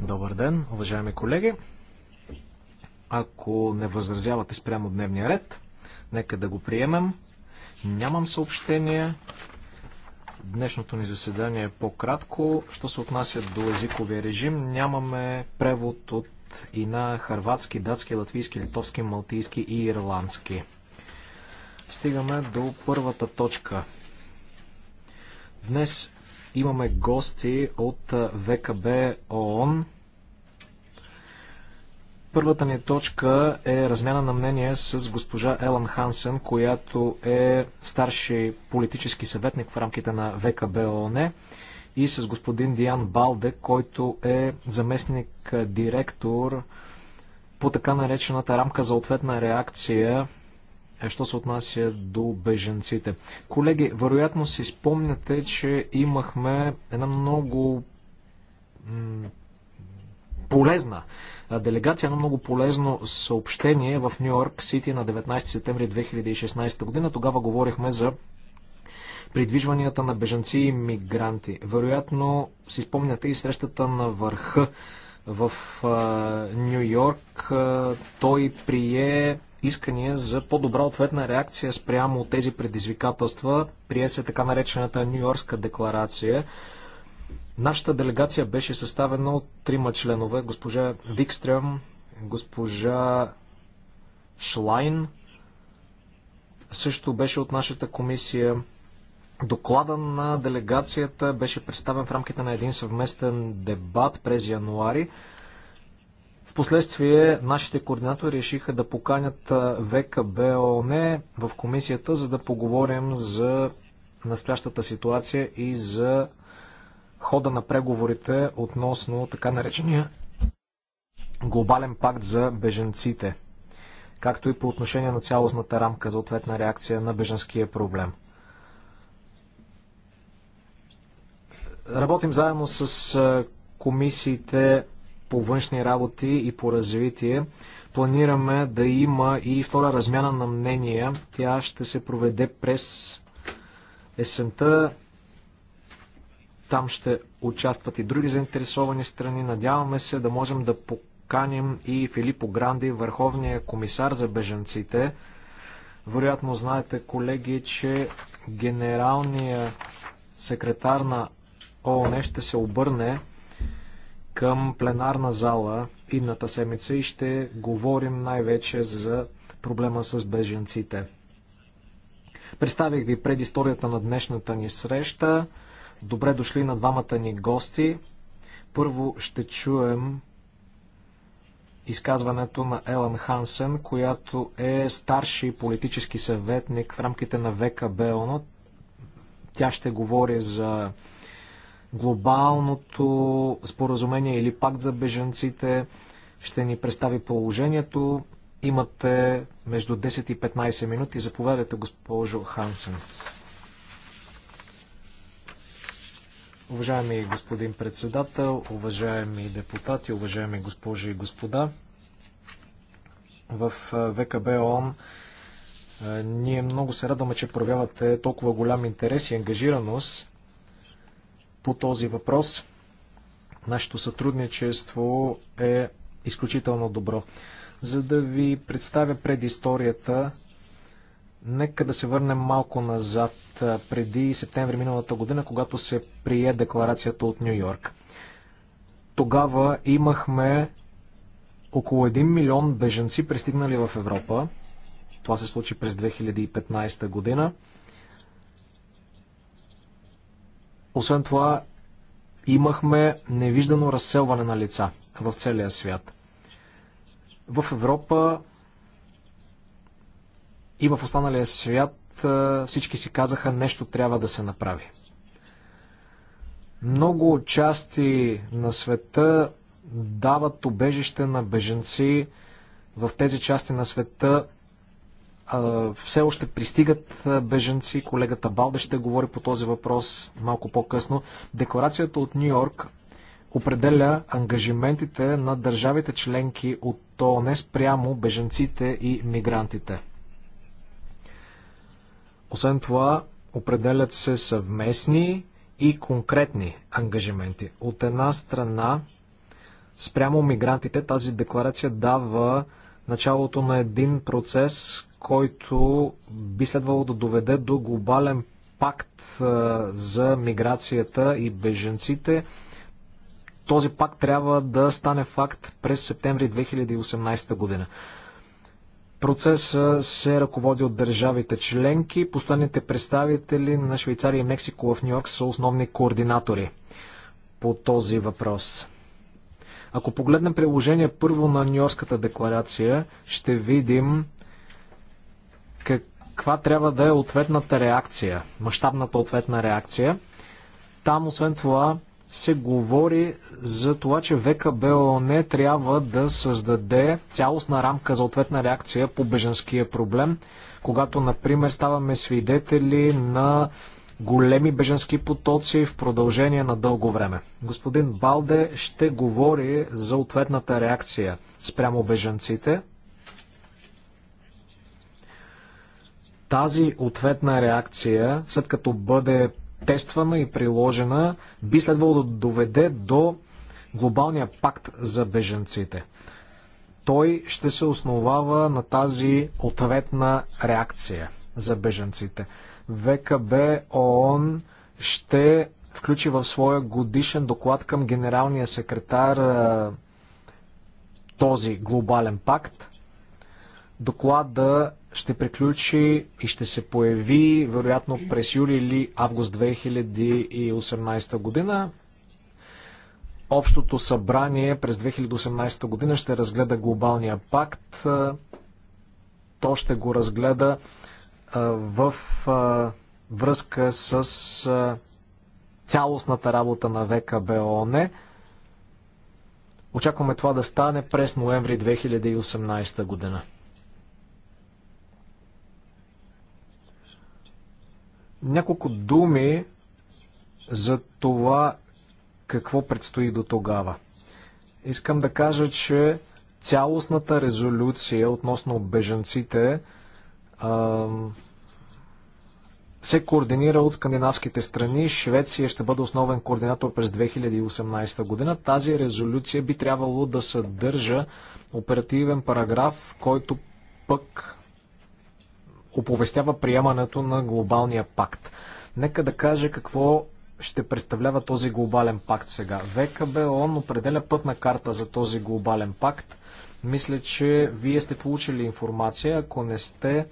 Добър ден, уважаеми колеги. Ако не възразявате спрямо дневния ред, нека да го приемем. Нямам съобщение. Днешното ни заседание е по-кратко. Що се отнася до езиковия режим, нямаме превод от и на харватски, датски, латвийски, литовски, малтийски и ирландски. Стигаме до първата точка. Днес Имаме гости от ВКБ ООН. Първата ни точка е размяна на мнение с госпожа Елан Хансен, която е старши политически съветник в рамките на ВКБ ООН и с господин Диан Балде, който е заместник директор по така наречената рамка за ответна реакция е, що се отнася до беженците. Колеги, вероятно си спомняте, че имахме една много полезна делегация, едно много полезно съобщение в Нью Йорк Сити на 19 септември 2016 година. Тогава говорихме за придвижванията на бежанци и мигранти. Вероятно си спомняте и срещата на върха в Нью Йорк. Той прие искания за по-добра ответна реакция спрямо тези предизвикателства. Прие се така наречената Нью-Йоркска декларация. Нашата делегация беше съставена от трима членове. Госпожа Викстрем, госпожа Шлайн, също беше от нашата комисия. Доклада на делегацията беше представен в рамките на един съвместен дебат през януари. Впоследствие нашите координатори решиха да поканят ВКБОН в комисията, за да поговорим за настоящата ситуация и за хода на преговорите относно така наречения глобален пакт за беженците, както и по отношение на цялостната рамка за ответна реакция на беженския проблем. Работим заедно с комисиите по външни работи и по развитие. Планираме да има и втора размяна на мнения. Тя ще се проведе през есента. Там ще участват и други заинтересовани страни. Надяваме се да можем да поканим и Филипо Гранди, върховния комисар за беженците. Вероятно знаете, колеги, че генералният секретар на ООН ще се обърне към пленарна зала идната седмица и ще говорим най-вече за проблема с беженците. Представих ви предисторията на днешната ни среща. Добре дошли на двамата ни гости. Първо ще чуем изказването на Елан Хансен, която е старши политически съветник в рамките на ВКБ. Тя ще говори за глобалното споразумение или пакт за бежанците ще ни представи положението. Имате между 10 и 15 минути. Заповядайте, госпожо Хансен. Уважаеми господин председател, уважаеми депутати, уважаеми госпожи и господа, в ВКБ ООН ние много се радваме, че проявявате толкова голям интерес и ангажираност по този въпрос. Нашето сътрудничество е изключително добро. За да ви представя предисторията, нека да се върнем малко назад, преди септември миналата година, когато се прие декларацията от Нью Йорк. Тогава имахме около 1 милион беженци пристигнали в Европа. Това се случи през 2015 година. Освен това, имахме невиждано разселване на лица в целия свят. В Европа и в останалия свят всички си казаха нещо трябва да се направи. Много части на света дават убежище на беженци. В тези части на света все още пристигат беженци. Колегата Балде ще говори по този въпрос малко по-късно. Декларацията от Нью Йорк определя ангажиментите на държавите членки от то не спрямо беженците и мигрантите. Освен това, определят се съвместни и конкретни ангажименти. От една страна, спрямо мигрантите, тази декларация дава началото на един процес, който би следвало да доведе до глобален пакт за миграцията и беженците. Този пакт трябва да стане факт през септември 2018 година. Процесът се ръководи от държавите членки. Постоянните представители на Швейцария и Мексико в Нью-Йорк са основни координатори по този въпрос. Ако погледнем приложение първо на Нью-Йоркската декларация, ще видим, каква трябва да е ответната реакция, мащабната ответна реакция. Там, освен това, се говори за това, че ВКБ не трябва да създаде цялостна рамка за ответна реакция по беженския проблем, когато, например, ставаме свидетели на големи беженски потоци в продължение на дълго време. Господин Балде ще говори за ответната реакция спрямо беженците. Тази ответна реакция, след като бъде тествана и приложена, би следвало да доведе до глобалния пакт за беженците. Той ще се основава на тази ответна реакция за беженците. ВКБ ООН ще включи в своя годишен доклад към генералния секретар този глобален пакт. Доклада ще приключи и ще се появи вероятно през юли или август 2018 година. Общото събрание през 2018 година ще разгледа глобалния пакт. То ще го разгледа в връзка с цялостната работа на ВКБОН. Очакваме това да стане през ноември 2018 година. Няколко думи за това какво предстои до тогава. Искам да кажа, че цялостната резолюция относно бежанците а, се координира от скандинавските страни. Швеция ще бъде основен координатор през 2018 година. Тази резолюция би трябвало да съдържа оперативен параграф, който пък оповестява приемането на глобалния пакт. Нека да каже какво ще представлява този глобален пакт сега. ВКБ ООН определя пътна карта за този глобален пакт. Мисля, че вие сте получили информация. Ако не сте,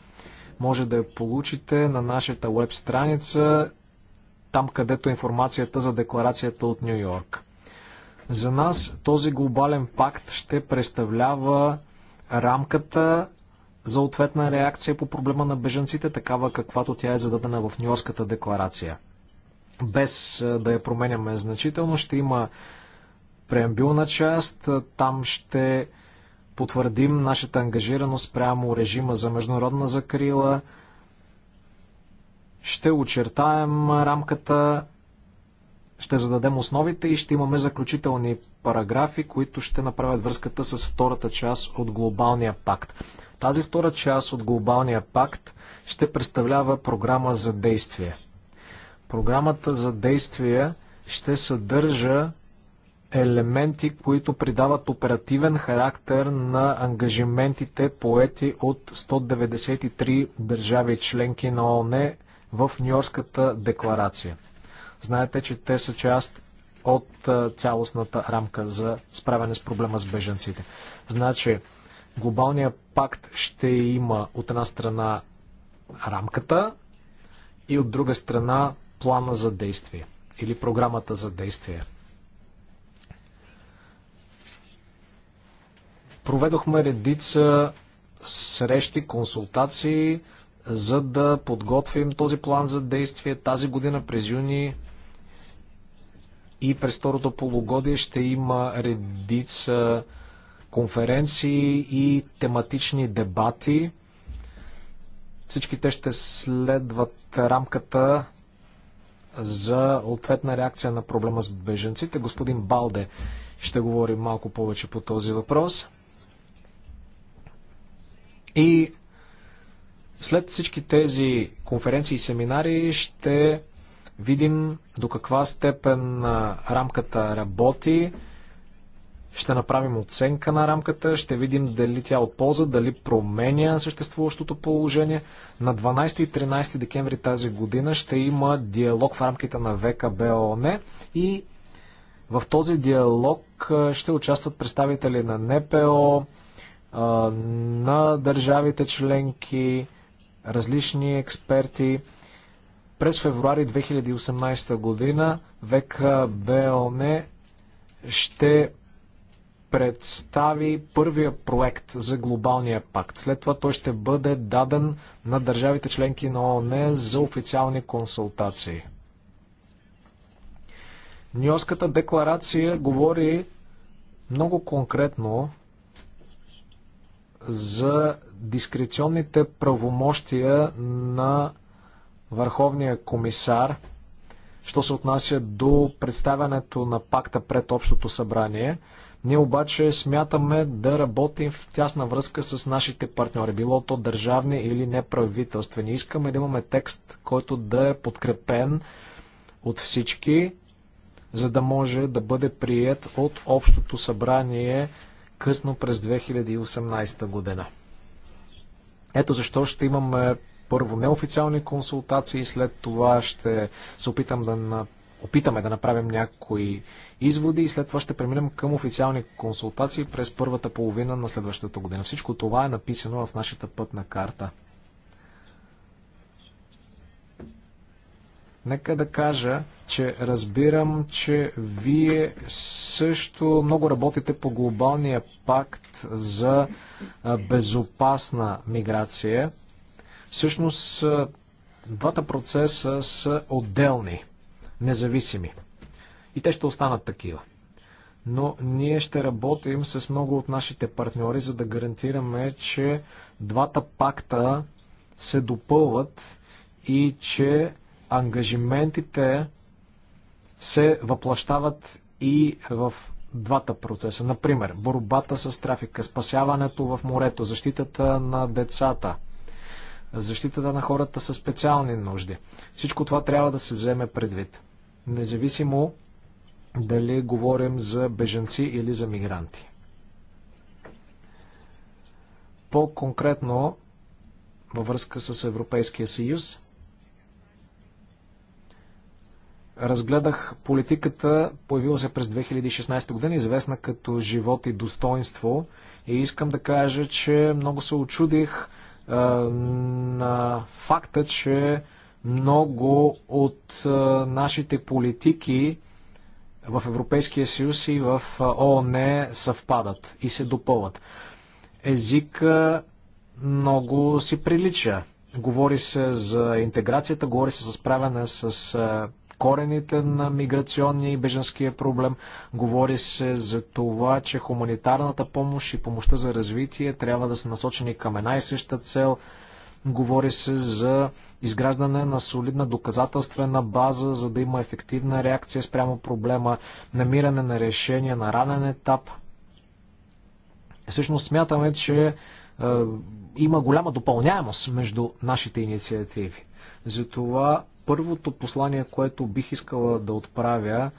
може да я получите на нашата веб страница, там където е информацията за декларацията от Нью Йорк. За нас този глобален пакт ще представлява рамката за ответна реакция по проблема на беженците, такава каквато тя е зададена в Нью-Йоркската декларация. Без е, да я променяме значително, ще има преамбилна част. Там ще потвърдим нашата ангажираност прямо режима за международна закрила. Ще очертаем рамката, ще зададем основите и ще имаме заключителни параграфи, които ще направят връзката с втората част от глобалния пакт. Тази втора част от глобалния пакт ще представлява програма за действие. Програмата за действие ще съдържа елементи, които придават оперативен характер на ангажиментите поети от 193 държави членки на ООН в Нью-Йоркската декларация. Знаете, че те са част от цялостната рамка за справяне с проблема с беженците. Значи, Глобалния пакт ще има от една страна рамката и от друга страна плана за действие или програмата за действие. Проведохме редица срещи, консултации, за да подготвим този план за действие. Тази година през юни и през второто полугодие ще има редица конференции и тематични дебати. Всички те ще следват рамката за ответна реакция на проблема с беженците. Господин Балде ще говори малко повече по този въпрос. И след всички тези конференции и семинари ще видим до каква степен рамката работи, ще направим оценка на рамката, ще видим дали тя е от полза, дали променя съществуващото положение. На 12 и 13 декември тази година ще има диалог в рамките на ВКБ ООН и в този диалог ще участват представители на НПО, на държавите членки, различни експерти. През февруари 2018 година ООН ще представи първия проект за глобалния пакт. След това той ще бъде даден на държавите членки на ООН за официални консултации. Ньоската декларация говори много конкретно за дискреционните правомощия на Върховния комисар, що се отнася до представянето на пакта пред Общото събрание – ние обаче смятаме да работим в тясна връзка с нашите партньори, било то държавни или неправителствени. Искаме да имаме текст, който да е подкрепен от всички, за да може да бъде прият от Общото събрание късно през 2018 година. Ето защо ще имаме първо неофициални консултации, след това ще се опитам да направя опитаме да направим някои изводи и след това ще преминем към официални консултации през първата половина на следващата година. Всичко това е написано в нашата пътна карта. Нека да кажа, че разбирам, че вие също много работите по глобалния пакт за безопасна миграция. Всъщност, двата процеса са отделни независими. И те ще останат такива. Но ние ще работим с много от нашите партньори, за да гарантираме, че двата пакта се допълват и че ангажиментите се въплащават и в двата процеса. Например, борбата с трафика, спасяването в морето, защитата на децата, защитата на хората със специални нужди. Всичко това трябва да се вземе предвид независимо дали говорим за бежанци или за мигранти. По-конкретно, във връзка с Европейския съюз, разгледах политиката, появила се през 2016 година, известна като живот и достоинство. И искам да кажа, че много се очудих е, на факта, че много от нашите политики в Европейския съюз и в ООН съвпадат и се допълват. Език много си прилича. Говори се за интеграцията, говори се за справяне с корените на миграционния и беженския проблем. Говори се за това, че хуманитарната помощ и помощта за развитие трябва да са насочени към една и съща цел – Говори се за изграждане на солидна доказателствена база, за да има ефективна реакция спрямо проблема, намиране на решение на ранен етап. Всъщност смятаме, че е, има голяма допълняемост между нашите инициативи. Затова първото послание, което бих искала да отправя,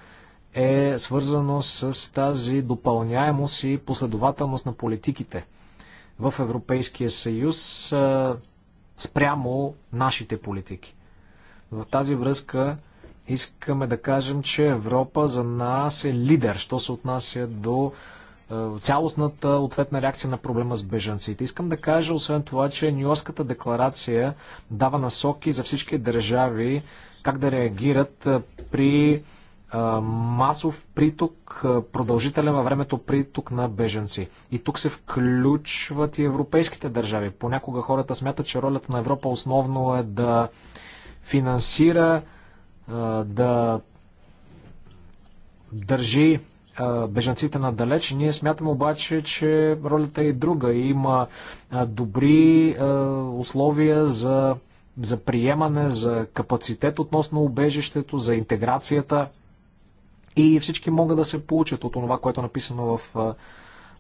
е свързано с тази допълняемост и последователност на политиките в Европейския съюз. Е, спрямо нашите политики. В тази връзка искаме да кажем, че Европа за нас е лидер, що се отнася до е, цялостната ответна реакция на проблема с бежанците. Искам да кажа, освен това, че Нью-Йоркската декларация дава насоки за всички държави как да реагират е, при масов приток, продължителен във времето приток на беженци. И тук се включват и европейските държави. Понякога хората смятат, че ролята на Европа основно е да финансира, да държи бежанците надалеч. Ние смятаме обаче, че ролята е и друга. Има добри условия за за приемане, за капацитет относно убежището, за интеграцията и всички могат да се получат от това, което е написано в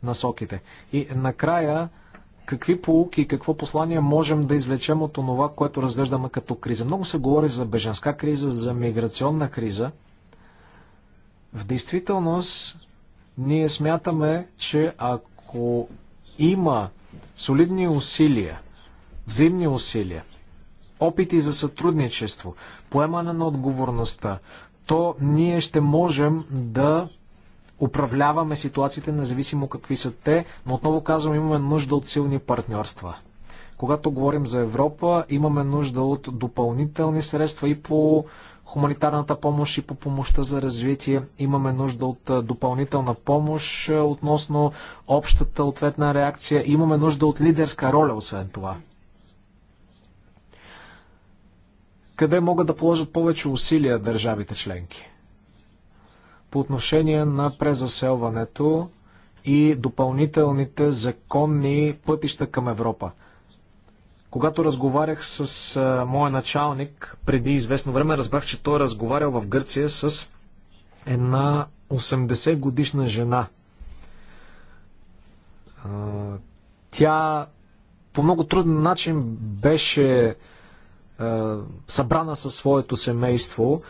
насоките. И накрая, какви полуки и какво послание можем да извлечем от това, което разглеждаме като криза? Много се говори за беженска криза, за миграционна криза. В действителност, ние смятаме, че ако има солидни усилия, взаимни усилия, опити за сътрудничество, поемане на отговорността, то ние ще можем да управляваме ситуациите, независимо какви са те, но отново казвам, имаме нужда от силни партньорства. Когато говорим за Европа, имаме нужда от допълнителни средства и по хуманитарната помощ и по помощта за развитие. Имаме нужда от допълнителна помощ относно общата ответна реакция. Имаме нужда от лидерска роля, освен това. къде могат да положат повече усилия държавите членки. По отношение на презаселването и допълнителните законни пътища към Европа. Когато разговарях с а, моя началник преди известно време, разбрах, че той е разговарял в Гърция с една 80 годишна жена. А, тя по много труден начин беше е, събрана със своето семейство.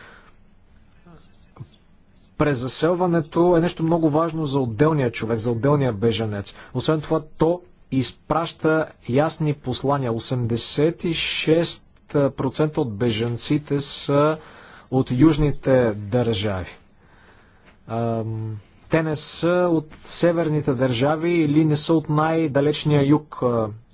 Презаселването е нещо много важно за отделния човек, за отделния беженец. Освен това, то изпраща ясни послания. 86% от беженците са от южните държави. Те не са от северните държави или не са от най-далечния юг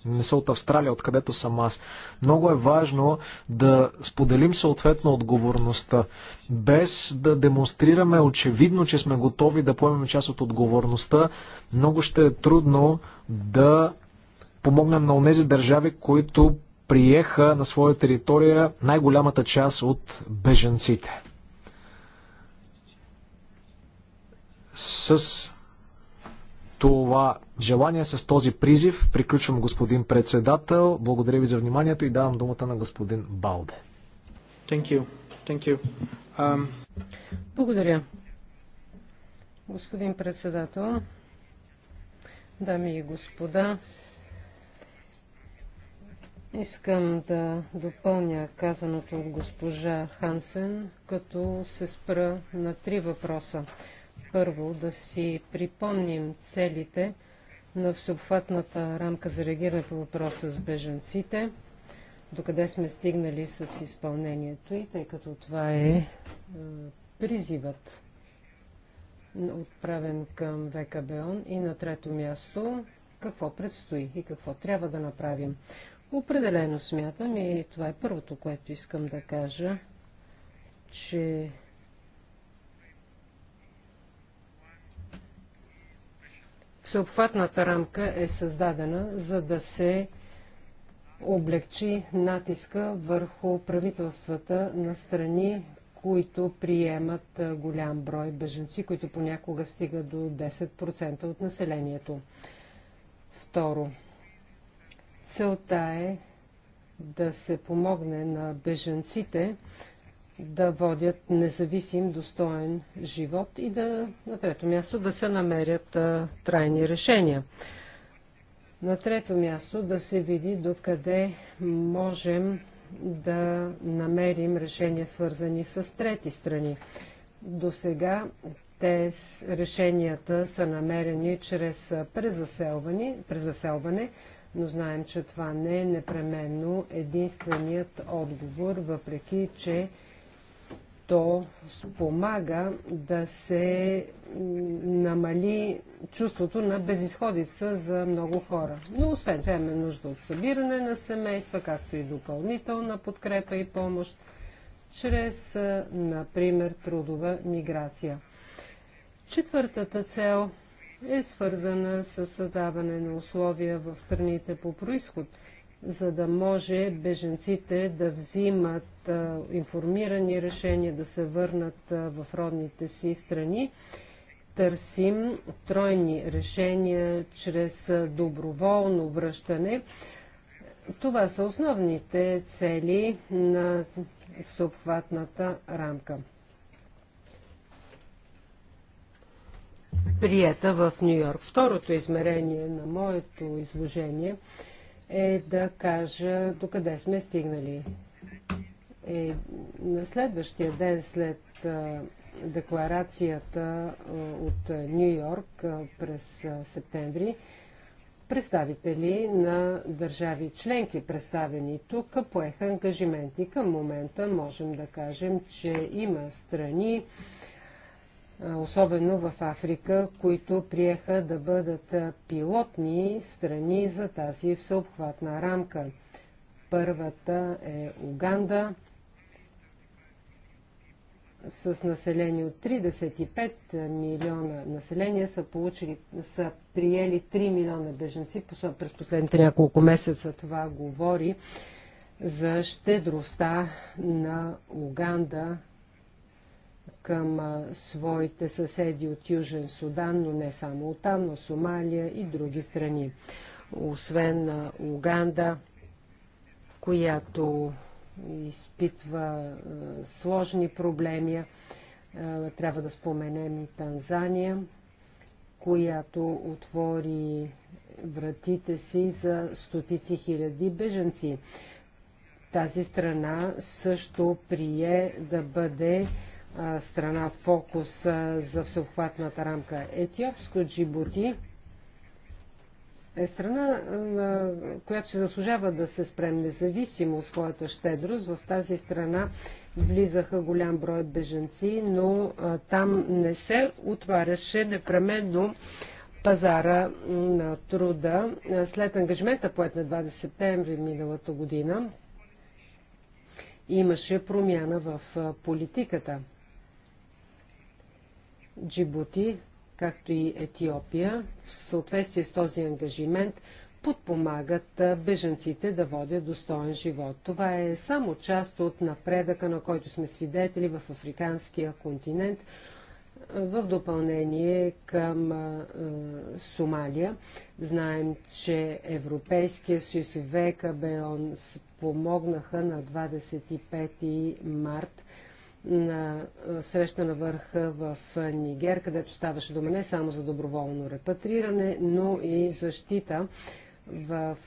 не са от Австралия, откъдето съм аз. Много е важно да споделим съответно отговорността, без да демонстрираме очевидно, че сме готови да поемем част от отговорността. Много ще е трудно да помогнем на онези държави, които приеха на своя територия най-голямата част от беженците. С това желание, с този призив. Приключвам господин председател. Благодаря ви за вниманието и давам думата на господин Балде. Thank you. Thank you. Um... Благодаря. Господин председател, дами и господа, искам да допълня казаното от госпожа Хансен, като се спра на три въпроса. Първо, да си припомним целите на всеобхватната рамка за реагиране по въпроса с беженците, докъде сме стигнали с изпълнението и тъй като това е, е призивът отправен към ВКБОН и на трето място какво предстои и какво трябва да направим. Определено смятам и това е първото, което искам да кажа, че Всеобхватната рамка е създадена, за да се облегчи натиска върху правителствата на страни, които приемат голям брой беженци, които понякога стигат до 10% от населението. Второ, целта е да се помогне на беженците да водят независим, достоен живот и да, на трето място, да се намерят а, трайни решения. На трето място да се види докъде можем да намерим решения, свързани с трети страни. До сега те решенията са намерени чрез презаселване, презаселване, но знаем, че това не е непременно единственият отговор, въпреки че то спомага да се намали чувството на безисходица за много хора. Но освен това имаме нужда от събиране на семейства, както и допълнителна подкрепа и помощ, чрез, например, трудова миграция. Четвъртата цел е свързана с създаване на условия в страните по происход – за да може беженците да взимат а, информирани решения, да се върнат а, в родните си страни. Търсим тройни решения чрез доброволно връщане. Това са основните цели на всеобхватната рамка. Прията в Нью Йорк. Второто измерение на моето изложение е е да кажа до къде сме стигнали. Е, на следващия ден след а, декларацията а, от Нью Йорк а, през а, септември, представители на държави членки, представени тук, поеха ангажименти. Към момента можем да кажем, че има страни, особено в Африка, които приеха да бъдат пилотни страни за тази всеобхватна рамка. Първата е Уганда с население от 35 милиона население са, получили, са приели 3 милиона беженци през последните няколко месеца. Това говори за щедростта на Уганда към своите съседи от Южен Судан, но не само от там, но Сомалия и други страни. Освен Уганда, която изпитва сложни проблеми, трябва да споменем и Танзания, която отвори вратите си за стотици хиляди беженци. Тази страна също прие да бъде страна фокус за всеобхватната рамка. Етиопско Джибути е страна, на която се заслужава да се спрем независимо от своята щедрост. В тази страна влизаха голям брой беженци, но там не се отваряше непременно пазара на труда. След ангажмента поет на 20 септември миналата година имаше промяна в политиката. Джибути, както и Етиопия, в съответствие с този ангажимент, подпомагат беженците да водят достоен живот. Това е само част от напредъка, на който сме свидетели в африканския континент, в допълнение към а, Сомалия. Знаем, че Европейския съюз и ВКБ помогнаха на 25 март на среща на върха в Нигер, където ставаше дума не само за доброволно репатриране, но и защита в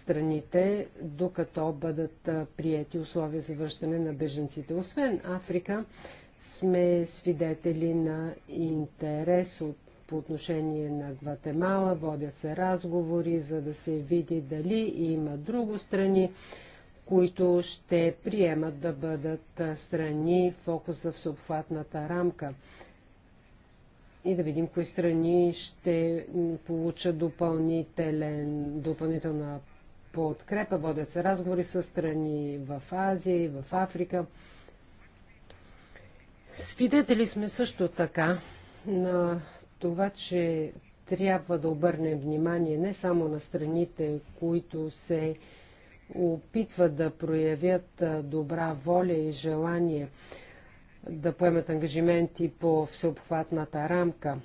страните, докато бъдат приети условия за връщане на беженците. Освен Африка, сме свидетели на интерес от, по отношение на Гватемала. Водят се разговори, за да се види дали има друго страни, които ще приемат да бъдат страни в фокус за всеобхватната рамка и да видим кои страни ще получат допълнителна подкрепа. Водят се разговори с страни в Азия и в Африка. Свидетели сме също така на това, че трябва да обърнем внимание не само на страните, които се опитват да проявят добра воля и желание да поемат ангажименти по всеобхватната рамка.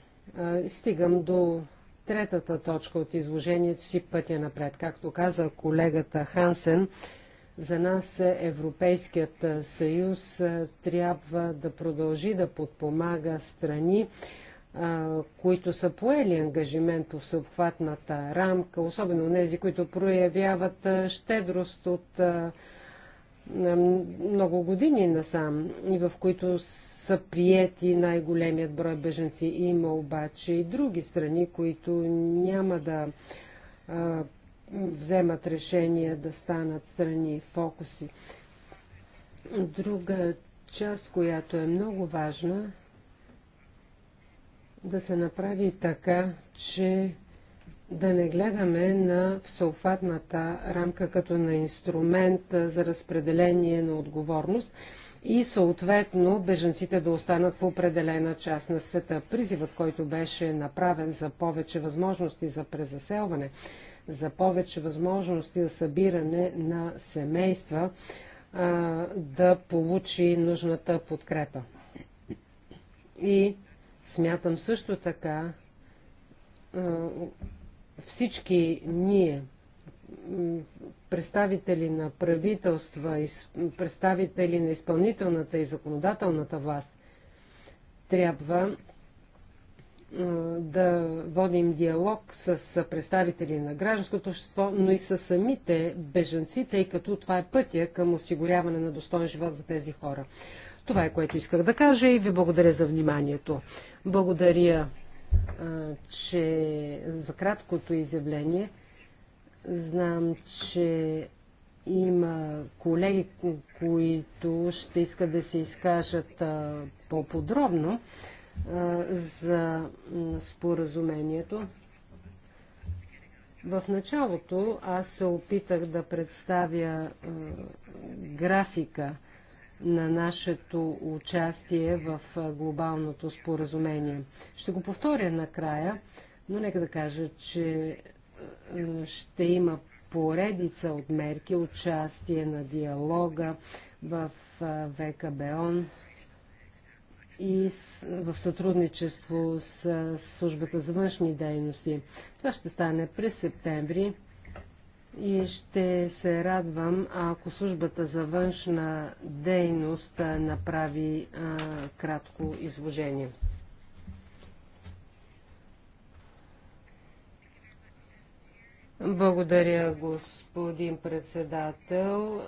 Стигам до третата точка от изложението си пътя напред. Както каза колегата Хансен, за нас Европейският съюз трябва да продължи да подпомага страни които са поели ангажимент по съобхватната рамка, особено тези, които проявяват щедрост от много години насам и в които са приети най-големият брой беженци. Има обаче и други страни, които няма да вземат решение да станат страни фокуси. Друга част, която е много важна, да се направи така, че да не гледаме на всеобхватната рамка като на инструмент за разпределение на отговорност и съответно беженците да останат в определена част на света. Призивът, който беше направен за повече възможности за презаселване, за повече възможности за събиране на семейства, да получи нужната подкрепа. И Смятам също така всички ние, представители на правителства, представители на изпълнителната и законодателната власт, трябва да водим диалог с представители на гражданското общество, но и с самите бежанци, тъй като това е пътя към осигуряване на достоен живот за тези хора. Това е което исках да кажа и ви благодаря за вниманието. Благодаря, че за краткото изявление знам, че има колеги, които ще искат да се изкажат по-подробно за споразумението. В началото аз се опитах да представя графика на нашето участие в глобалното споразумение. Ще го повторя накрая, но нека да кажа, че ще има поредица от мерки, участие на диалога в ВКБОН и в сътрудничество с службата за външни дейности. Това ще стане през септември и ще се радвам, ако службата за външна дейност направи а, кратко изложение. Благодаря, господин председател.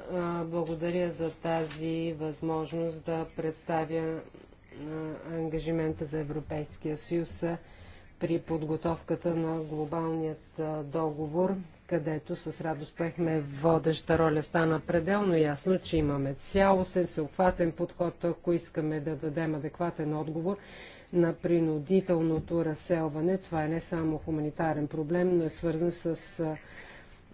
Благодаря за тази възможност да представя ангажимента за Европейския съюз при подготовката на глобалният договор където с радост поехме водеща роля. Стана пределно ясно, че имаме цялостен, всеобхватен подход, ако искаме да дадем адекватен отговор на принудителното разселване. Това е не само хуманитарен проблем, но е свързан с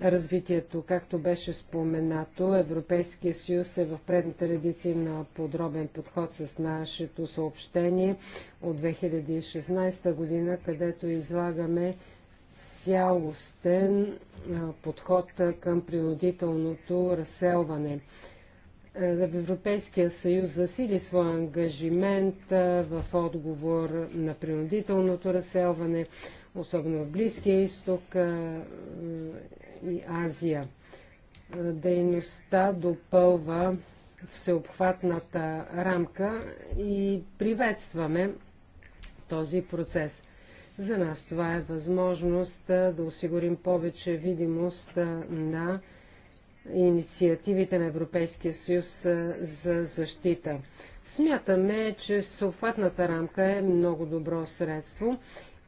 развитието. Както беше споменато, Европейския съюз е в предните редици на подробен подход с нашето съобщение от 2016 година, където излагаме цялостен подход към принудителното разселване. Е, Европейския съюз засили своя ангажимент в отговор на принудителното разселване, особено в Близкия изток и Азия. Е, дейността допълва всеобхватната рамка и приветстваме този процес. За нас това е възможност да осигурим повече видимост на инициативите на Европейския съюз за защита. Смятаме, че съответната рамка е много добро средство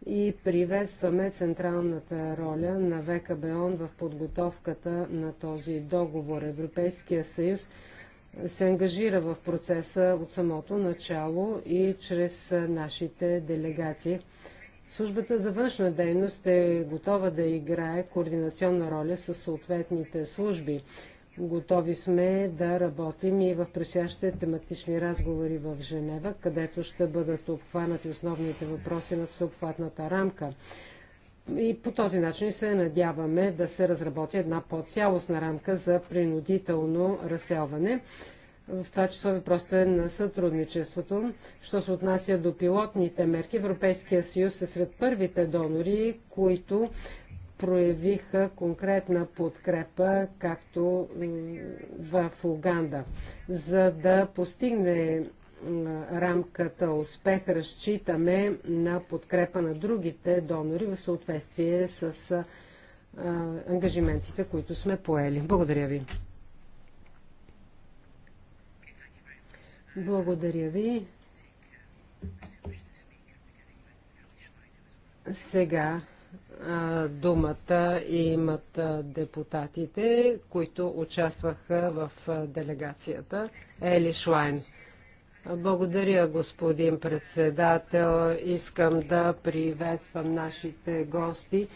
и приветстваме централната роля на ВКБОН в подготовката на този договор. Европейския съюз се ангажира в процеса от самото начало и чрез нашите делегации. Службата за външна дейност е готова да играе координационна роля с съответните служби. Готови сме да работим и в предстоящите тематични разговори в Женева, където ще бъдат обхванати основните въпроси на всеобхватната рамка. И по този начин се надяваме да се разработи една по-цялостна рамка за принудително разселване в това число е на сътрудничеството. Що се отнася до пилотните мерки, Европейския съюз е сред първите донори, които проявиха конкретна подкрепа, както в Уганда. За да постигне рамката успех, разчитаме на подкрепа на другите донори в съответствие с ангажиментите, които сме поели. Благодаря ви. Благодаря ви. Сега а, думата имат депутатите, които участваха в делегацията. Ели Шлайн. Благодаря, господин председател. Искам да приветствам нашите гости.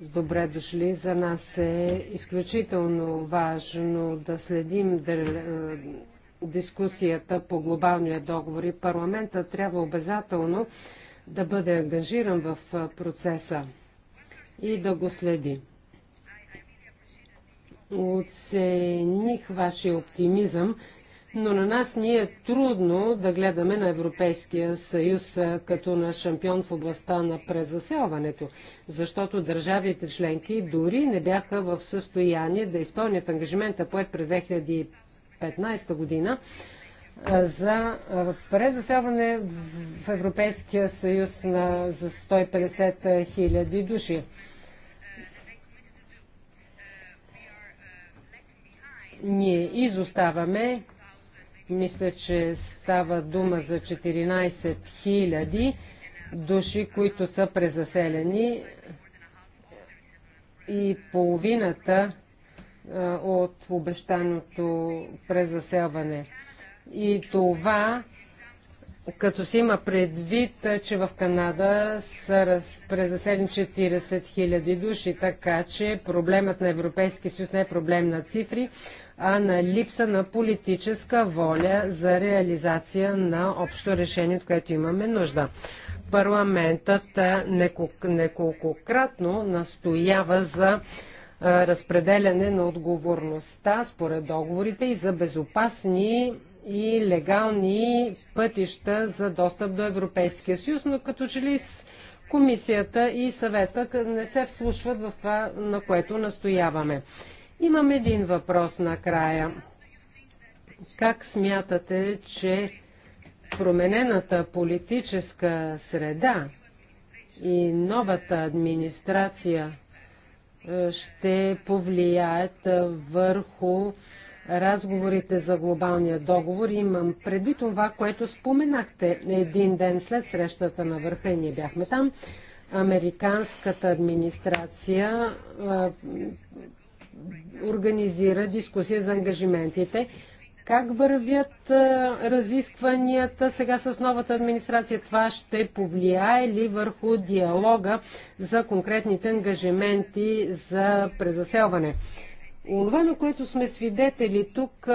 С добре дошли. За нас е изключително важно да следим дискусията по глобалния договор и парламента трябва обязателно да бъде ангажиран в процеса и да го следи. Оцених вашия оптимизъм, но на нас ни е трудно да гледаме на Европейския съюз като на шампион в областта на презаселването, защото държавите членки дори не бяха в състояние да изпълнят ангажимента поет през 2005 2015 година за презасяване в Европейския съюз на, за 150 000 души. Ние изоставаме. Мисля, че става дума за 14 000 души, които са презаселени и половината от обещаното презаселване. И това, като се има предвид, че в Канада са презаселени 40 000 души, така че проблемът на Европейския съюз не е проблем на цифри, а на липса на политическа воля за реализация на общо решение, от което имаме нужда. Парламентът неколкократно настоява за разпределяне на отговорността според договорите и за безопасни и легални пътища за достъп до Европейския съюз, но като че ли комисията и съвета не се вслушват в това, на което настояваме. Имам един въпрос накрая. Как смятате, че променената политическа среда и новата администрация ще повлияят върху разговорите за глобалния договор. Имам преди това, което споменахте един ден след срещата на върха и ние бяхме там. Американската администрация организира дискусия за ангажиментите как вървят разискванията сега с новата администрация. Това ще повлияе ли върху диалога за конкретните ангажименти за презаселване? Онова, на което сме свидетели тук,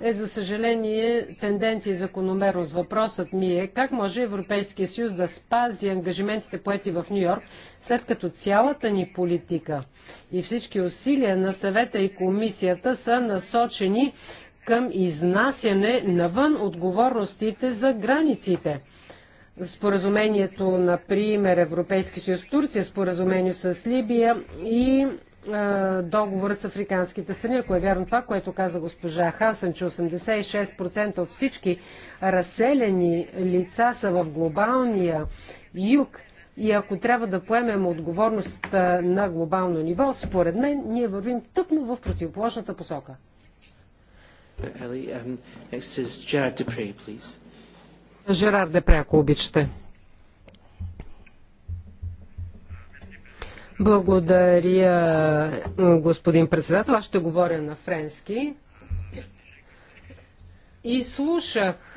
е за съжаление тенденция и закономерност. Въпросът ми е как може Европейския съюз да спази ангажиментите поети в Нью Йорк, след като цялата ни политика и всички усилия на съвета и комисията са насочени към изнасяне навън отговорностите за границите. Споразумението, например, Европейски съюз Турция, споразумението с Либия и договорът с африканските страни. Ако е вярно това, което каза госпожа Хансен, че 86% от всички разселени лица са в глобалния юг и ако трябва да поемем отговорност на глобално ниво, според мен ние вървим тъкмо в противоположната посока um, Gerard please. Жерар Депре, ако обичате. Благодаря, господин председател. Аз ще говоря на френски. И слушах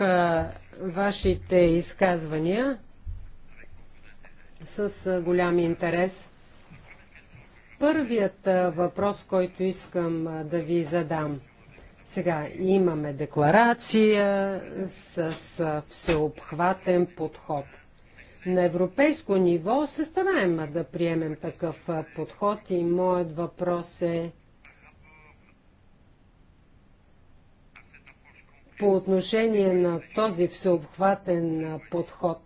вашите изказвания с голям интерес. Първият въпрос, който искам да ви задам – сега имаме декларация с, с всеобхватен подход. На европейско ниво се стараем да приемем такъв подход и моят въпрос е по отношение на този всеобхватен подход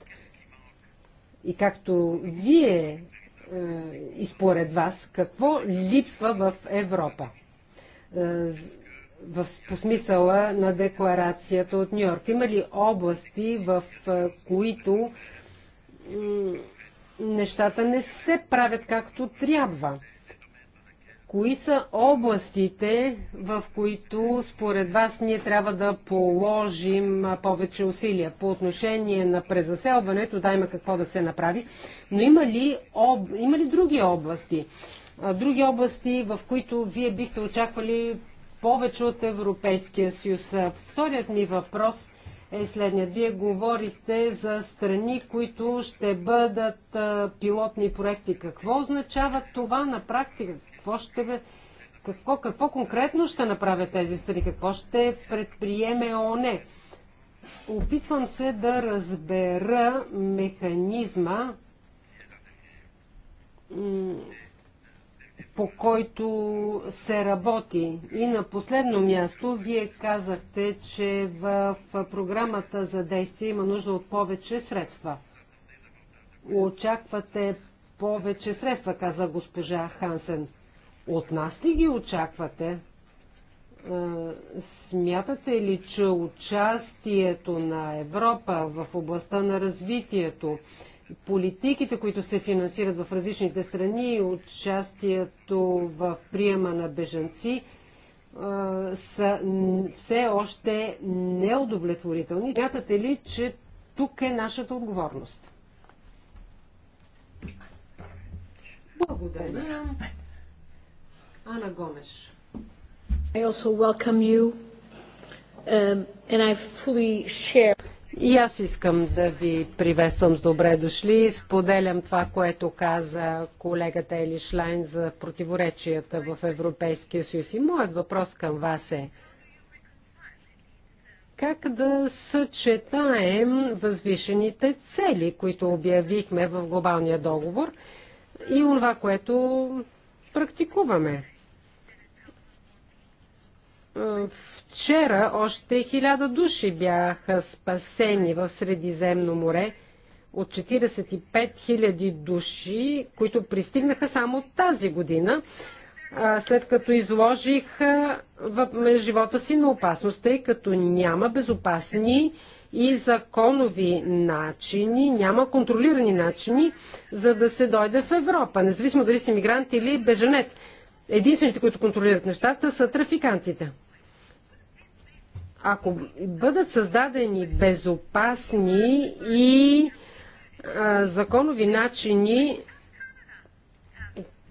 и както вие и според вас, какво липсва в Европа? в, по смисъла на декларацията от Нью Йорк? Има ли области, в които нещата не се правят както трябва? Кои са областите, в които според вас ние трябва да положим повече усилия? По отношение на презаселването, да, има какво да се направи, но има ли, об... има ли други области? Други области, в които вие бихте очаквали повече от Европейския съюз. Вторият ми въпрос е следният. Вие говорите за страни, които ще бъдат пилотни проекти. Какво означава това на практика? Какво ще Какво, какво конкретно ще направят тези страни? Какво ще предприеме ООН? Опитвам се да разбера механизма по който се работи. И на последно място, вие казахте, че в програмата за действие има нужда от повече средства. Очаквате повече средства, каза госпожа Хансен. От нас ли ги очаквате? Е, смятате ли, че участието на Европа в областта на развитието, политиките, които се финансират в различните страни, участието в приема на бежанци са все още неудовлетворителни. Смятате ли, че тук е нашата отговорност? Благодаря. Ана Гомеш. I also welcome you um, and I fully share и аз искам да ви приветствам с добре дошли. Споделям това, което каза колегата Ели Шлайн за противоречията в Европейския съюз. И моят въпрос към вас е как да съчетаем възвишените цели, които обявихме в глобалния договор и това, което практикуваме. Е, вчера още хиляда души бяха спасени в Средиземно море от 45 000 души, които пристигнаха само тази година, след като изложих живота си на опасност, тъй като няма безопасни и законови начини, няма контролирани начини, за да се дойде в Европа, независимо дали си мигрант или беженец. Единствените, които контролират нещата, са трафикантите ако бъдат създадени безопасни и а, законови начини,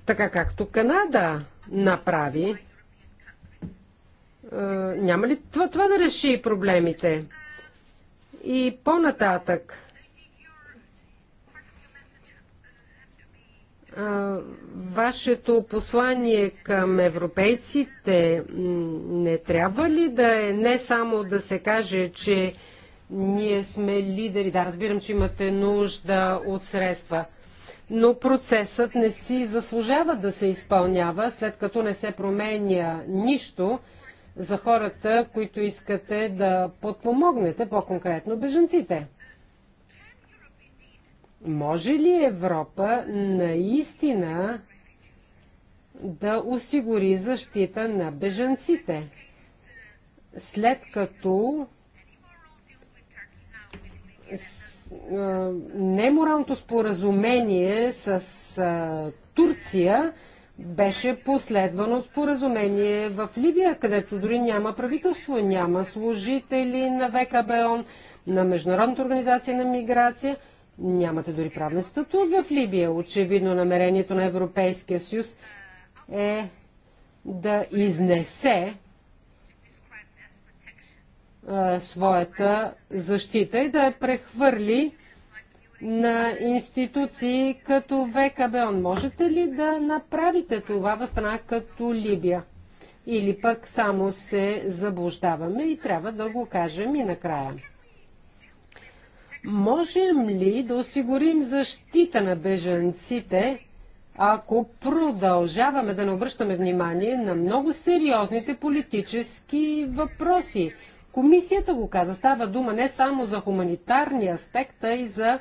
така както Канада направи, а, няма ли това, това да реши проблемите? И по-нататък. вашето послание към европейците не трябва ли да е не само да се каже, че ние сме лидери, да разбирам, че имате нужда от средства, но процесът не си заслужава да се изпълнява, след като не се променя нищо за хората, които искате да подпомогнете, по-конкретно беженците. Може ли Европа наистина да осигури защита на бежанците, след като неморалното споразумение с Турция беше последвано от споразумение в Либия, където дори няма правителство, няма служители на ВКБОН, на Международната организация на миграция – Нямате дори правен статут в Либия. Очевидно намерението на Европейския съюз е да изнесе своята защита и да я прехвърли на институции като ВКБОН. Можете ли да направите това в страна като Либия? Или пък само се заблуждаваме и трябва да го кажем и накрая. Можем ли да осигурим защита на бежанците, ако продължаваме да не обръщаме внимание на много сериозните политически въпроси? Комисията го каза, става дума не само за хуманитарния аспект, а и за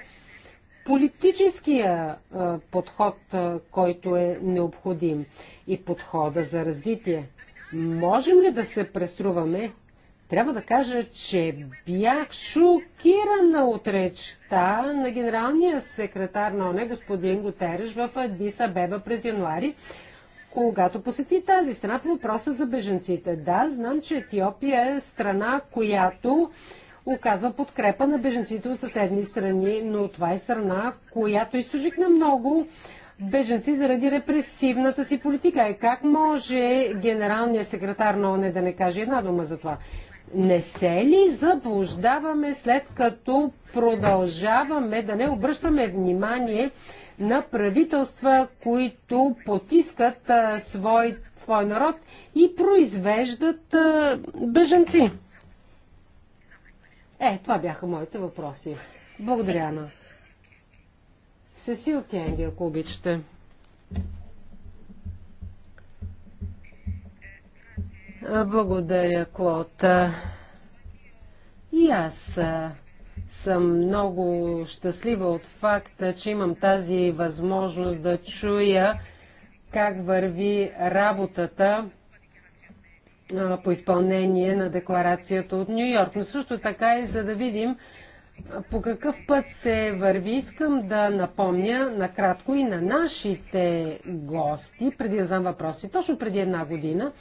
политическия подход, който е необходим и подхода за развитие. Можем ли да се преструваме, трябва да кажа, че бях шокирана от речта на генералния секретар на ОНЕ, господин Готереш, в Адиса Беба през януари, когато посети тази страна по въпроса за беженците. Да, знам, че Етиопия е страна, която оказва подкрепа на беженците от съседни страни, но това е страна, която е изтожик на много беженци заради репресивната си политика. Е, как може генералният секретар на ОНЕ да не каже една дума за това? Не се ли заблуждаваме след като продължаваме да не обръщаме внимание на правителства, които потискат а, свой, свой народ и произвеждат а, беженци? Е, това бяха моите въпроси. Благодаря, Ана. Сесил Кенги, ако обичате. Благодаря, Клод. И аз съм много щастлива от факта, че имам тази възможност да чуя как върви работата по изпълнение на декларацията от Нью Йорк. Но също така и за да видим по какъв път се върви, искам да напомня накратко и на нашите гости, преди да знам въпроси, точно преди една година,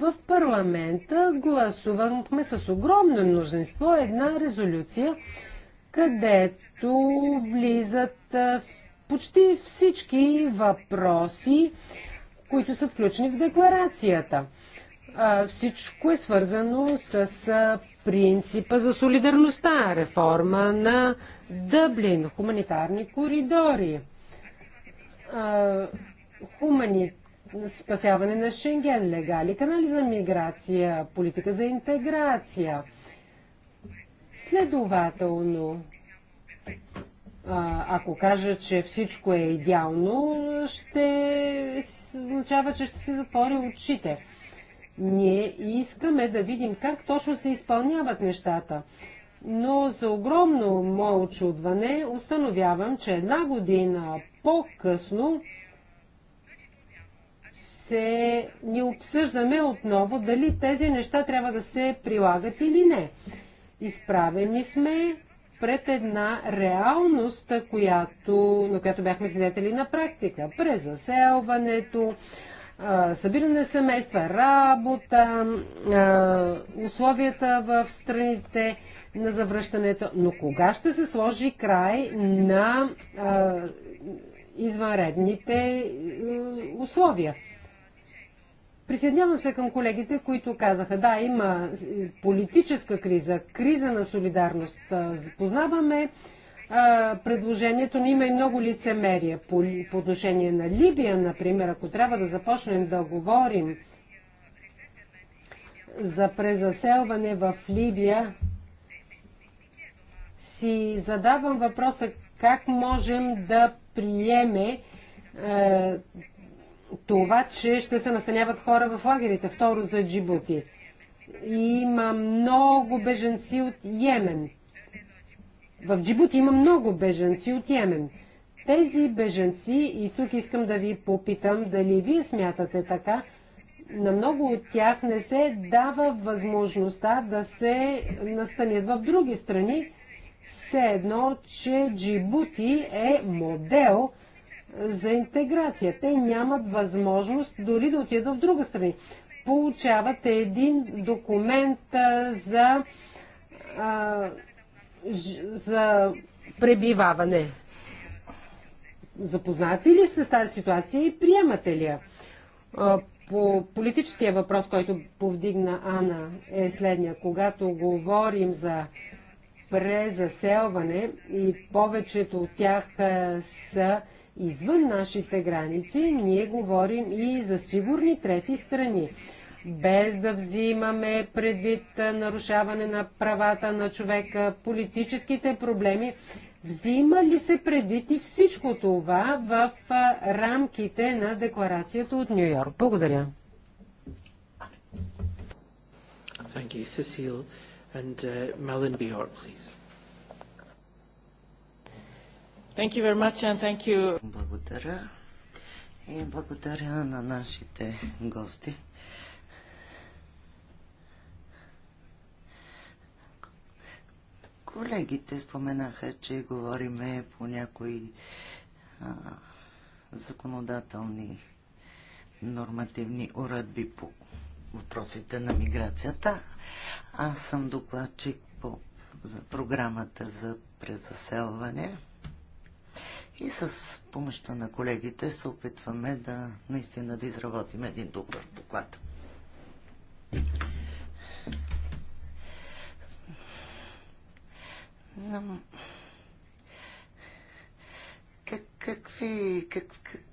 в парламента гласувахме с огромно мнозинство една резолюция, където влизат почти всички въпроси, които са включени в декларацията. Всичко е свързано с принципа за солидарността, реформа на Дъблин, хуманитарни коридори, хуманитарни спасяване на Шенген, легали канали за миграция, политика за интеграция. Следователно, ако кажа, че всичко е идеално, ще означава, че ще си затвори очите. Ние искаме да видим как точно се изпълняват нещата. Но за огромно мое очудване установявам, че една година по-късно се ни обсъждаме отново дали тези неща трябва да се прилагат или не. Изправени сме пред една реалност, която, на която бяхме свидетели на практика. През заселването, събиране на семейства, работа, условията в страните на завръщането. Но кога ще се сложи край на извънредните условия? Присъединявам се към колегите, които казаха, да, има политическа криза, криза на солидарност. Познаваме предложението, но има и много лицемерие по, по отношение на Либия, например, ако трябва да започнем да говорим за презаселване в Либия, си задавам въпроса как можем да приеме това, че ще се настаняват хора в лагерите. Второ за Джибути. Има много беженци от Йемен. В Джибути има много беженци от Йемен. Тези беженци, и тук искам да ви попитам дали вие смятате така, на много от тях не се дава възможността да се настанят в други страни, все едно, че Джибути е модел – за интеграция. Те нямат възможност дори да отидат в друга страни. Получават един документ а, за, а, ж, за пребиваване. Запознаете ли сте с тази ситуация и приемате ли я? По политическия въпрос, който повдигна Ана, е следния. Когато говорим за презаселване и повечето от тях са извън нашите граници, ние говорим и за сигурни трети страни. Без да взимаме предвид нарушаване на правата на човека, политическите проблеми, взима ли се предвид и всичко това в рамките на декларацията от Нью Йорк? Благодаря. Thank you, Cecile. And uh, Malin Bjork, please. Thank you very much and thank you. Благодаря. И благодаря на нашите гости. Колегите споменаха, че говориме по някои а, законодателни нормативни уредби по въпросите на миграцията. Аз съм докладчик по, за програмата за презаселване. И с помощта на колегите се опитваме да наистина да изработим един добър доклад. Но какви, как,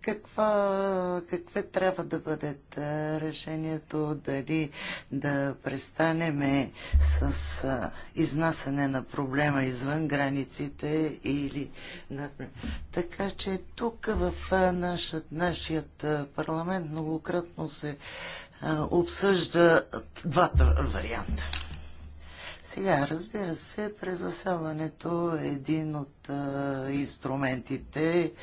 каква, какви трябва да бъдат решението, дали да престанеме с изнасяне на проблема извън границите или... Така че тук в нашият, нашият парламент многократно се обсъжда двата варианта. Сега, разбира се, презаселването е един от а, инструментите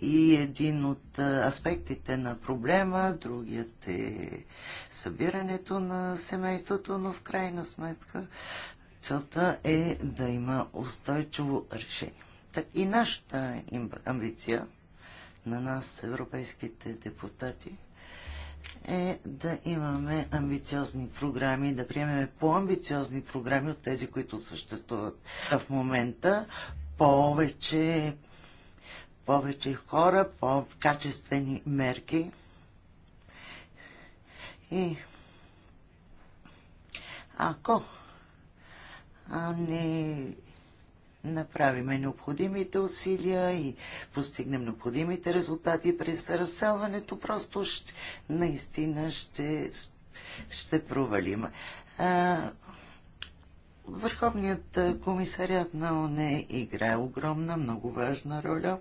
и един от а, аспектите на проблема. Другият е събирането на семейството, но в крайна сметка целта е да има устойчиво решение. Так и нашата амбиция на нас, европейските депутати, е да имаме амбициозни програми, да приемеме по-амбициозни програми от тези, които съществуват в момента. Повече, повече хора, по-качествени мерки. И ако а не направиме необходимите усилия и постигнем необходимите резултати през разселването, просто ще, наистина ще, ще провалим. А, Върховният комисарят на ОНЕ играе огромна, много важна роля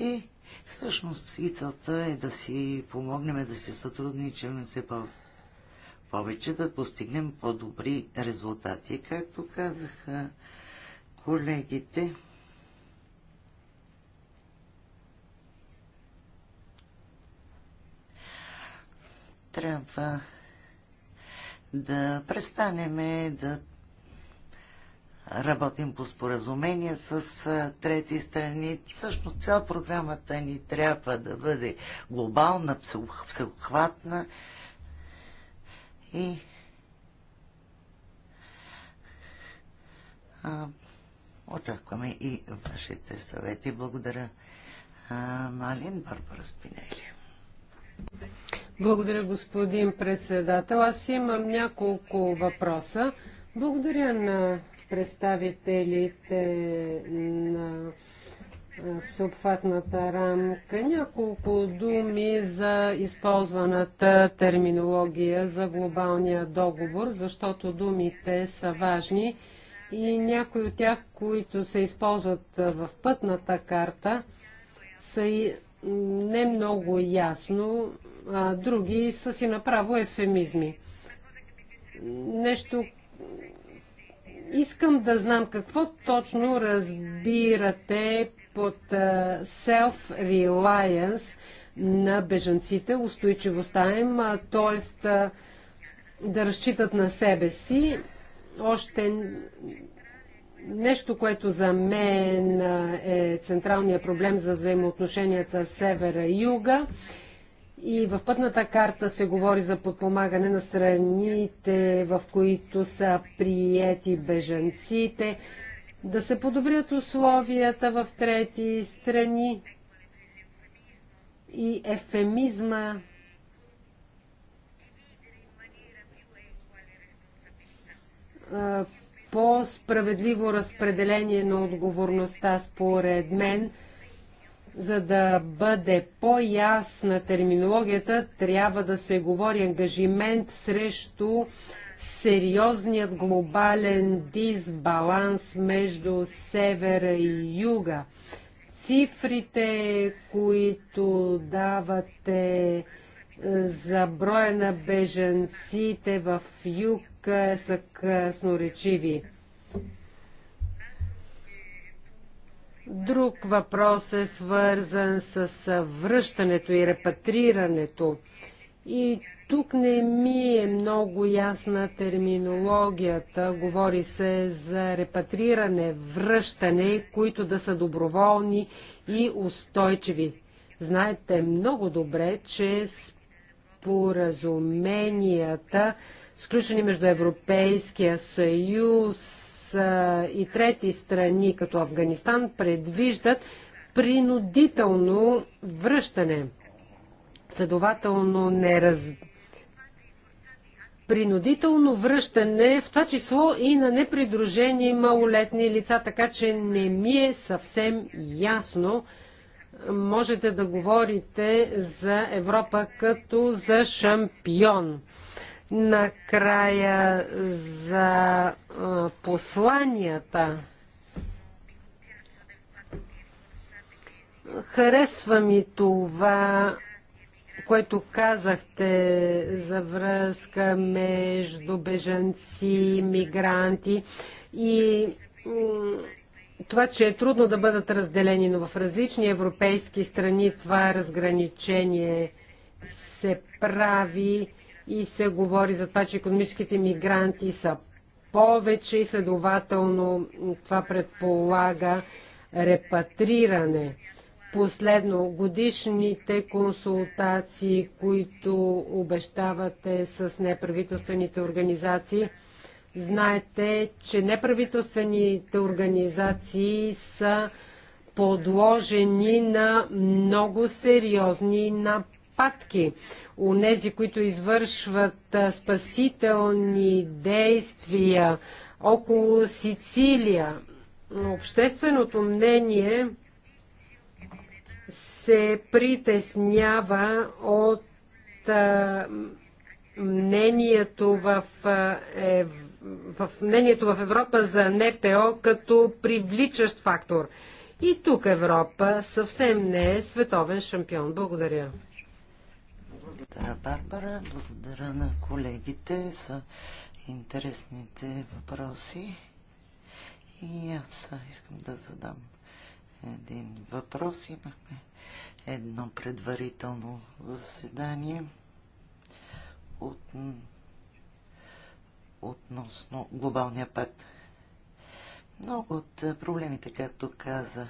и всъщност и целта е да си помогнем да си сътрудничим все по повече, да постигнем по-добри резултати. Както казаха колегите. Трябва да престанеме да работим по споразумение с трети страни. Всъщност цял програмата ни трябва да бъде глобална, всеохватна и Очакваме и вашите съвети. Благодаря. Малин Барбара Спинели. Благодаря, господин председател. Аз имам няколко въпроса. Благодаря на представителите на всеобхватната рамка. Няколко думи за използваната терминология за глобалния договор, защото думите са важни и някои от тях, които се използват в пътната карта, са и не много ясно, а други са си направо ефемизми. Нещо, искам да знам какво точно разбирате под self-reliance на бежанците, устойчивостта им, т.е. да разчитат на себе си още нещо, което за мен е централният проблем за взаимоотношенията севера и юга. И в пътната карта се говори за подпомагане на страните, в които са приети бежанците, да се подобрят условията в трети страни и ефемизма Е, по-справедливо разпределение на отговорността, според мен, за да бъде по-ясна терминологията, трябва да се говори ангажимент срещу сериозният глобален дисбаланс между севера и юга. Цифрите, които давате е, за броя на беженците в юг са красноречиви. Друг въпрос е свързан с връщането и репатрирането. И тук не ми е много ясна терминологията. Говори се за репатриране, връщане, които да са доброволни и устойчиви. Знаете много добре, че споразуменията сключени между Европейския съюз и трети страни, като Афганистан, предвиждат принудително връщане. Следователно не раз... Принудително връщане, в това число и на непридружени малолетни лица, така че не ми е съвсем ясно. Можете да говорите за Европа като за шампион. Накрая за посланията. Харесва ми това, което казахте за връзка между бежанци, мигранти и това, че е трудно да бъдат разделени, но в различни европейски страни това разграничение се прави и се говори за това, че економическите мигранти са повече и следователно това предполага репатриране. Последно, годишните консултации, които обещавате с неправителствените организации, знаете, че неправителствените организации са подложени на много сериозни нападки нападки. нези, които извършват спасителни действия около Сицилия. Общественото мнение се притеснява от мнението в, е, в мнението в Европа за НПО като привличащ фактор. И тук Европа съвсем не е световен шампион. Благодаря. Благодаря, Барбара. Благодаря на колегите за интересните въпроси. И аз искам да задам един въпрос. Имахме едно предварително заседание от, относно глобалния пакт. Много от проблемите, както каза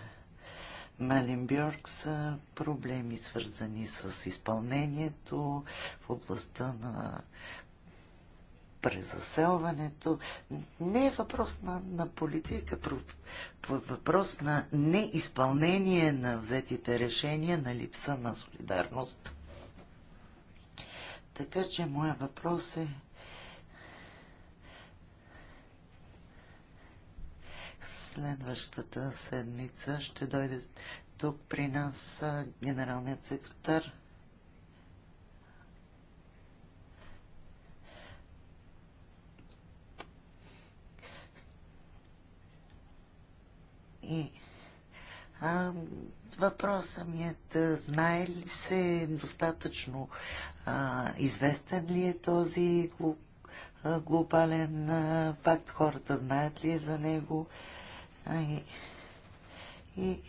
Маленбьорг са проблеми свързани с изпълнението в областта на презаселването. Не е въпрос на, на политика, въпрос на неизпълнение на взетите решения, на липса на солидарност. Така че моя въпрос е Следващата седмица ще дойде тук при нас генералният секретар И а, въпросът ми е да знае ли се достатъчно а, известен ли е този глобален пакт, хората знаят ли е за него. А, и, и,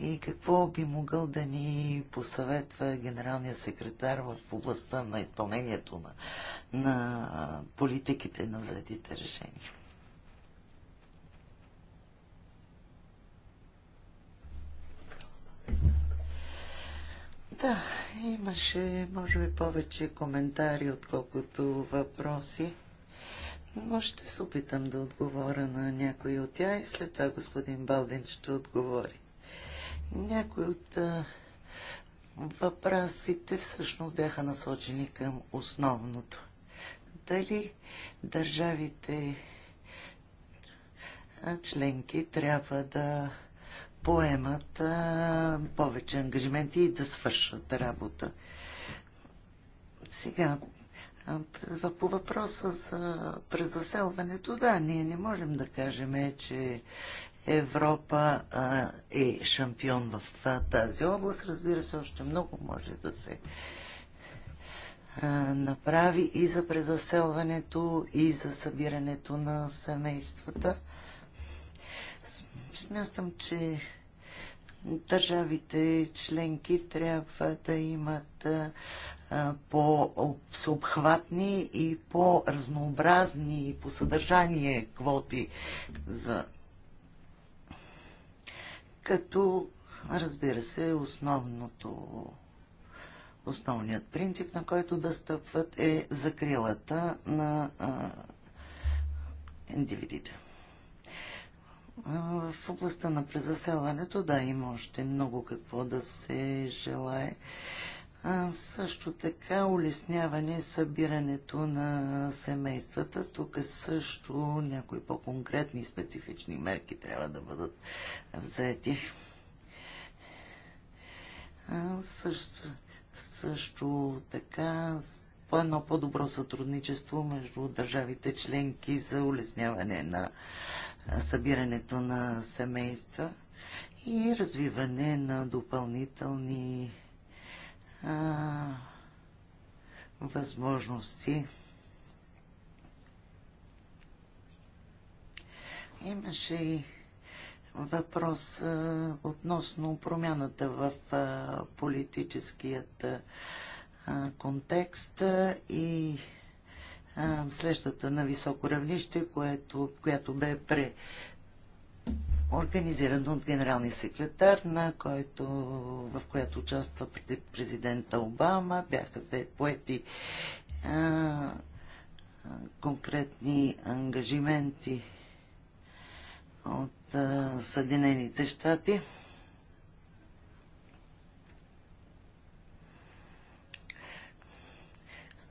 и какво би могъл да ни посъветва генералния секретар в областта на изпълнението на, на политиките на взетите решения? Да, имаше, може би, повече коментари, отколкото въпроси. Но ще се опитам да отговоря на някои от тях и след това господин Балдин ще отговори. Някои от въпросите всъщност бяха насочени към основното. Дали държавите членки трябва да поемат а, повече ангажименти и да свършат работа. Сега, по въпроса за презаселването, да, ние не можем да кажем, че Европа а, е шампион в тази област. Разбира се, още много може да се а, направи и за презаселването, и за събирането на семействата. Смятам, че държавите членки трябва да имат по-всеобхватни и по-разнообразни и по съдържание квоти за като разбира се основното основният принцип, на който да стъпват е закрилата на а, индивидите. в областта на презаселването, да, има още много какво да се желае а, също така улесняване събирането на семействата. Тук също някои по-конкретни специфични мерки трябва да бъдат взети. А, също, също така по едно по-добро сътрудничество между държавите членки за улесняване на събирането на семейства и развиване на допълнителни а, възможности. Имаше и въпрос а, относно промяната в а, политическият а, контекст а, и а, срещата на високо равнище, което, която бе пре, организиран от генералния секретар, на който, в която участва президента Обама. Бяха се поети а, конкретни ангажименти от а, Съединените щати.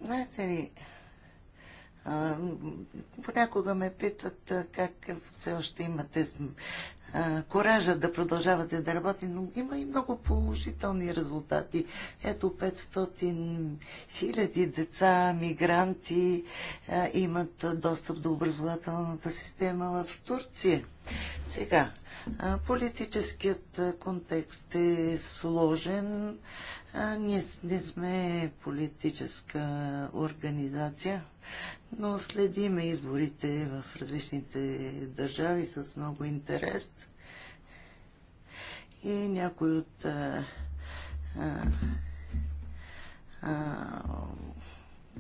Знаете ли, Понякога ме питат как все още имате коража да продължавате да работите, но има и много положителни резултати. Ето 500 хиляди деца, мигранти имат достъп до образователната система в Турция. Сега, политическият контекст е сложен. Ние не сме политическа организация, но следиме изборите в различните държави с много интерес. И някои от а, а, а,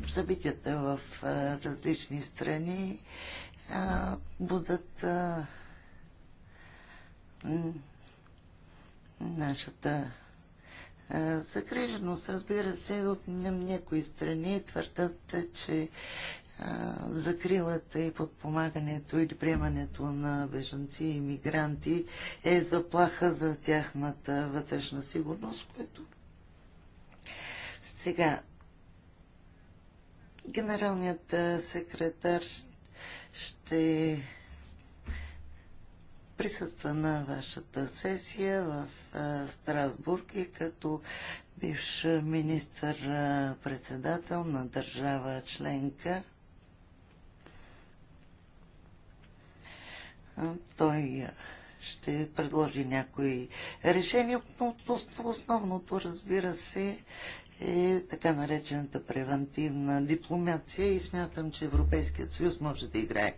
събитията в а, различни страни а, будат а, нашата загриженост. Разбира се, от някои страни твърдат, че закрилата и подпомагането или приемането на бежанци и мигранти е заплаха за тяхната вътрешна сигурност, което сега генералният секретар ще присъства на вашата сесия в Страсбург и като бивш министър-председател на държава членка той ще предложи някои решения. Но основното, разбира се, е така наречената превентивна дипломация и смятам, че Европейският съюз може да играе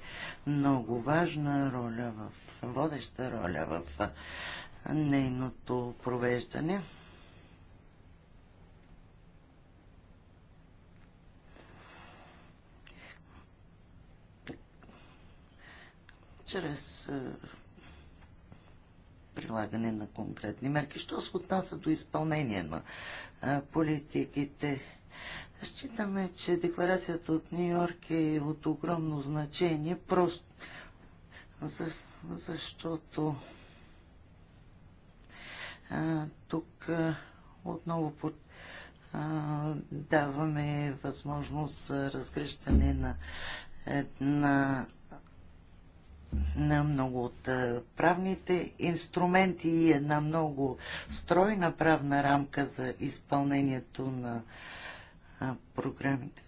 много важна роля, в, водеща роля в нейното провеждане. чрез е, прилагане на конкретни мерки. Що се отнася до изпълнение на е, политиките? Считаме, че декларацията от Нью Йорк е от огромно значение, просто за, защото а, е, тук а, отново а, даваме възможност за разгръщане на една на много от правните инструменти и една много стройна правна рамка за изпълнението на програмите.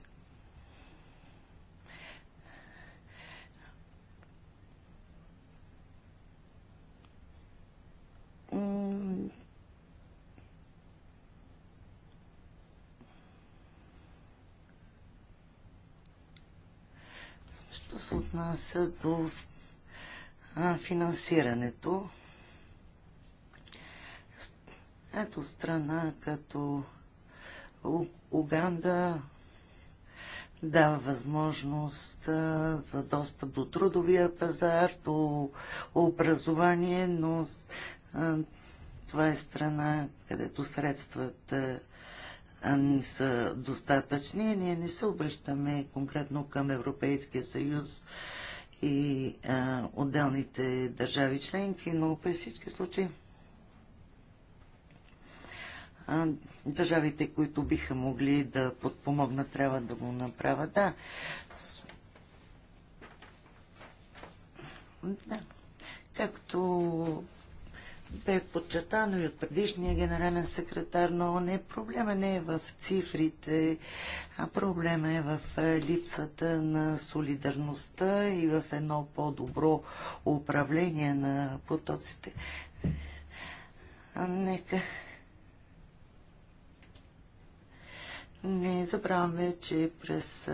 Що се отнася до финансирането. Ето страна като Уганда дава възможност за достъп до трудовия пазар, до образование, но това е страна, където средствата не са достатъчни. Ние не се обръщаме конкретно към Европейския съюз и а, отделните държави членки, но при всички случаи а, държавите, които биха могли да подпомогнат, трябва да го направят. Да. да. Както бе подчертано и от предишния генерален секретар, но не, проблема не е в цифрите, а проблема е в липсата на солидарността и в едно по-добро управление на потоците. А нека не забравяме, че през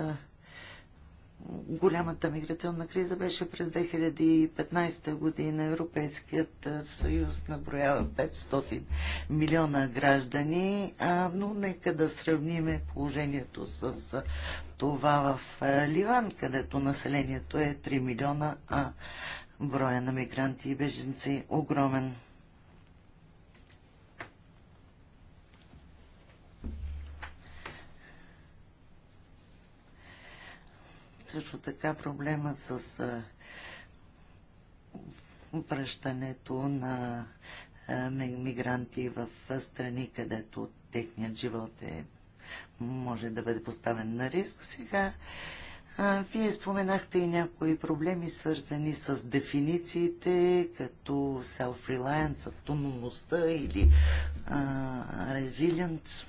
голямата миграционна криза беше през 2015 година. Европейският съюз наброява 500 милиона граждани, но нека да сравниме положението с това в Ливан, където населението е 3 милиона, а броя на мигранти и беженци огромен. също така проблема с връщането на мигранти в страни, където техният живот е, може да бъде поставен на риск. Сега вие споменахте и някои проблеми, свързани с дефинициите, като self-reliance, автономността или а, resilience.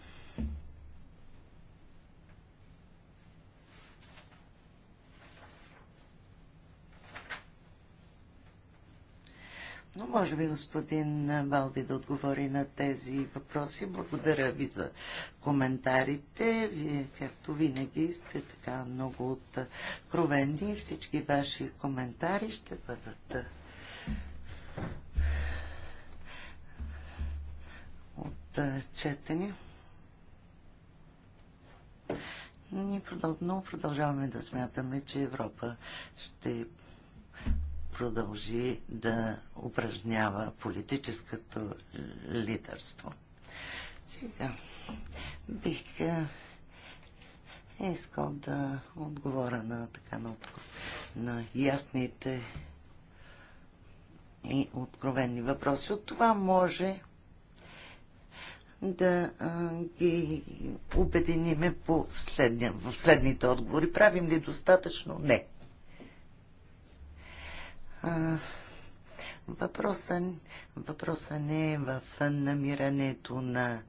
Но може би господин Балди да отговори на тези въпроси. Благодаря ви за коментарите. Вие, както винаги, сте така много откровенни. Всички ваши коментари ще бъдат отчетени. Ние продъл... продължаваме да смятаме, че Европа ще продължи да упражнява политическото е, лидерство. Сега бих е, искал да отговоря на така на, на ясните и откровени въпроси. От това може да а, ги обединиме по следния, в следните отговори. Правим ли достатъчно? Не. Въпросът въпроса не е в намирането на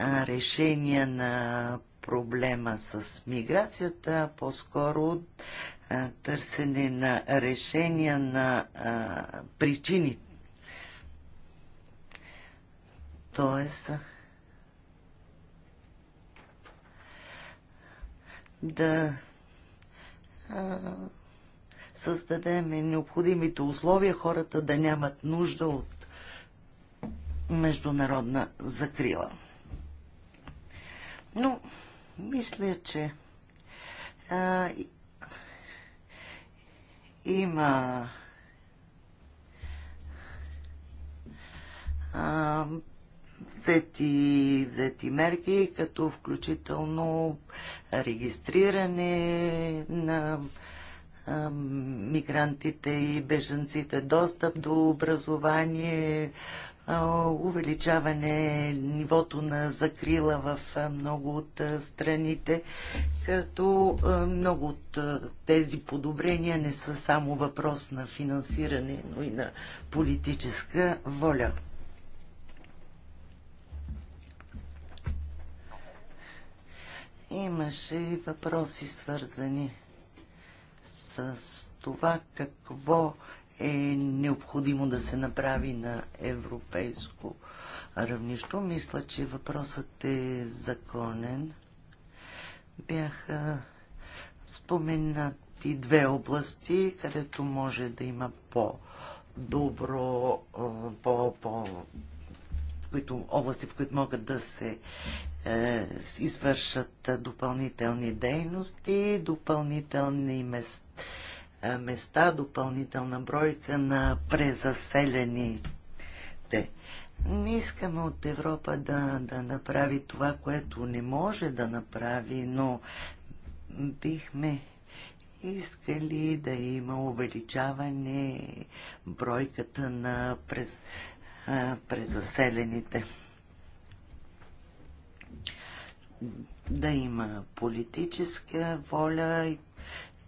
решения на проблема с миграцията, по-скоро търсене на решения на а, причини. Тоест, да а, създадем необходимите условия хората да нямат нужда от международна закрила. Но, мисля, че а, има а, взети, взети мерки, като включително регистриране на а, мигрантите и беженците достъп до образование, увеличаване нивото на закрила в много от страните, като много от тези подобрения не са само въпрос на финансиране, но и на политическа воля. Имаше и въпроси свързани с това какво е необходимо да се направи на европейско равнищо. Мисля, че въпросът е законен. Бяха споменати две области, където може да има по-добро, по, по, които, области, в които могат да се е, извършат допълнителни дейности, допълнителни места места, допълнителна бройка на презаселените. Не искаме от Европа да, да направи това, което не може да направи, но бихме искали да има увеличаване бройката на през, а, презаселените. Да има политическа воля и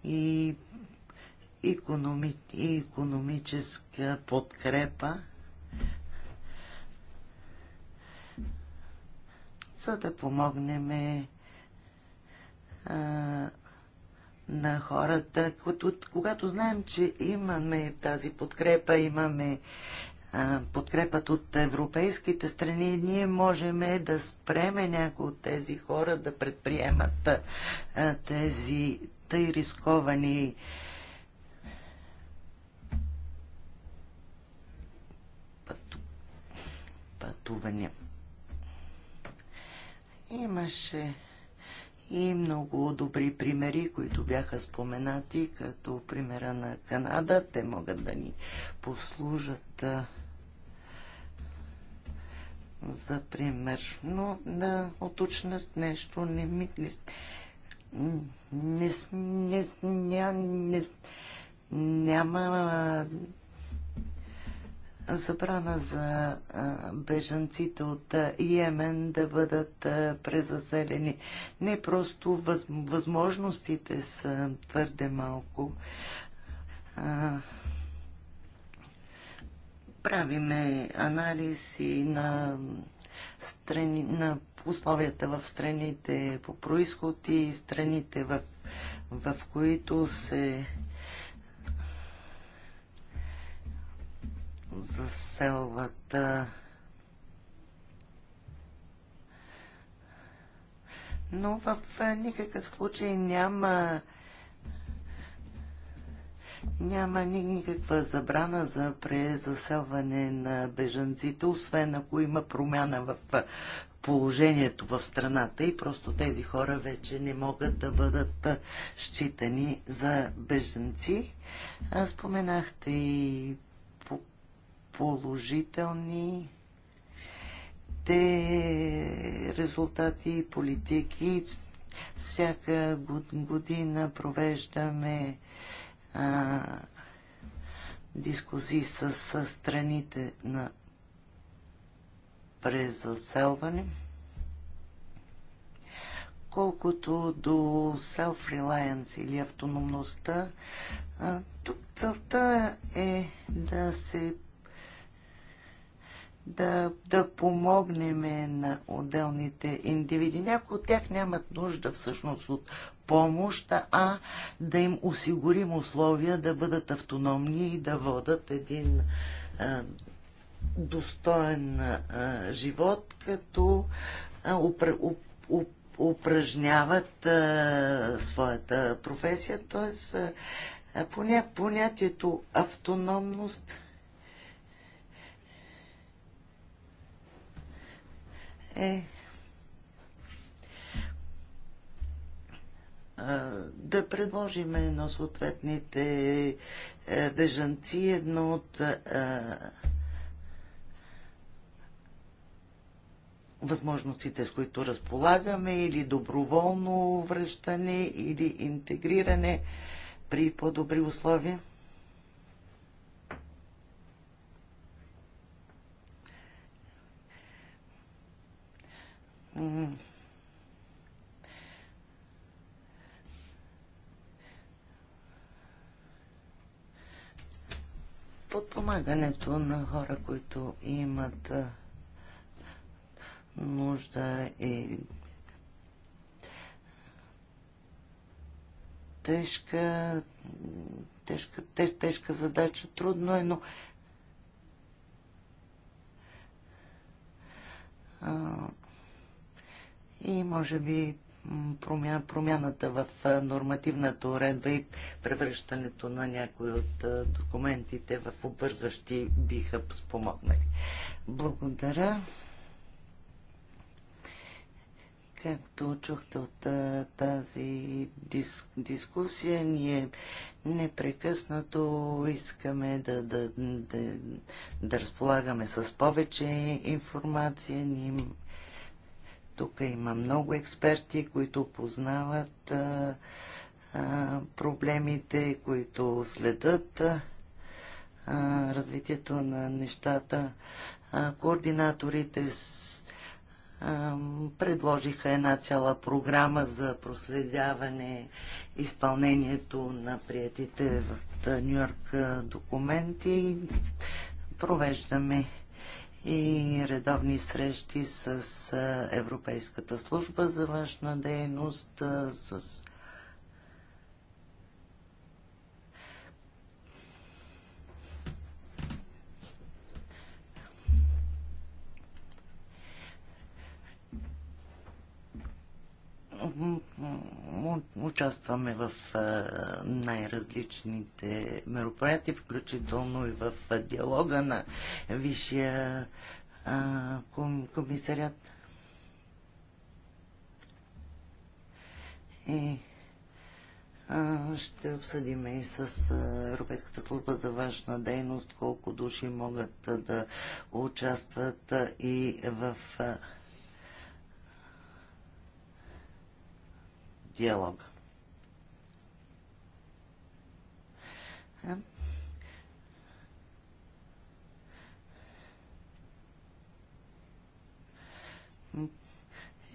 и, економи, и економическа подкрепа, за да помогнем а, на хората. Когато знаем, че имаме тази подкрепа, имаме подкрепът от европейските страни, ние можем да спреме някои от тези хора да предприемат тези тъй рисковани пътувания. Имаше и много добри примери, които бяха споменати, като примера на Канада. Те могат да ни послужат за пример. Но да уточнят нещо, не мисля не, не, не, няма забрана за бежанците от Йемен да бъдат презаселени. Не просто въз, възможностите са твърде малко. А, правиме анализи на страни, на условията в страните по происход и страните, в, в които се заселват но в никакъв случай няма няма никаква забрана за презаселване на бежанците, освен ако има промяна в положението в страната и просто тези хора вече не могат да бъдат считани за бежанци. Споменахте и положителни те резултати и политики. Всяка година провеждаме дискусии с, с страните на презаселване. Колкото до self-reliance или автономността, а, тук целта е да се да, да помогнем на отделните индивиди. Някои от тях нямат нужда всъщност от помощ, а да им осигурим условия да бъдат автономни и да водат един а, достоен а, живот, като а, уп, упражняват а, своята професия. Тоест, поня, понятието автономност е да предложим на съответните е, бежанци едно от е, възможностите, с които разполагаме, или доброволно връщане, или интегриране при по-добри условия? Mm. подпомагането на хора, които имат нужда и. тежка, тежка, теж, тежка задача, трудно е, но а, и може би промяната в нормативната уредба и превръщането на някои от документите в обвързващи биха спомогнали. Благодаря. Както чухте от тази дис, дискусия, ние непрекъснато искаме да, да, да, да разполагаме с повече информация. Ние тук има много експерти, които познават а, а, проблемите, които следят а, развитието на нещата. А, координаторите с, а, предложиха една цяла програма за проследяване изпълнението на приятите в Нью-Йорк документи. Провеждаме и редовни срещи с Европейската служба за външна дейност, с участваме в най-различните мероприятия, включително и в диалога на Висшия комисарят. И ще обсъдим и с Европейската служба за външна дейност колко души могат да участват и в диалога.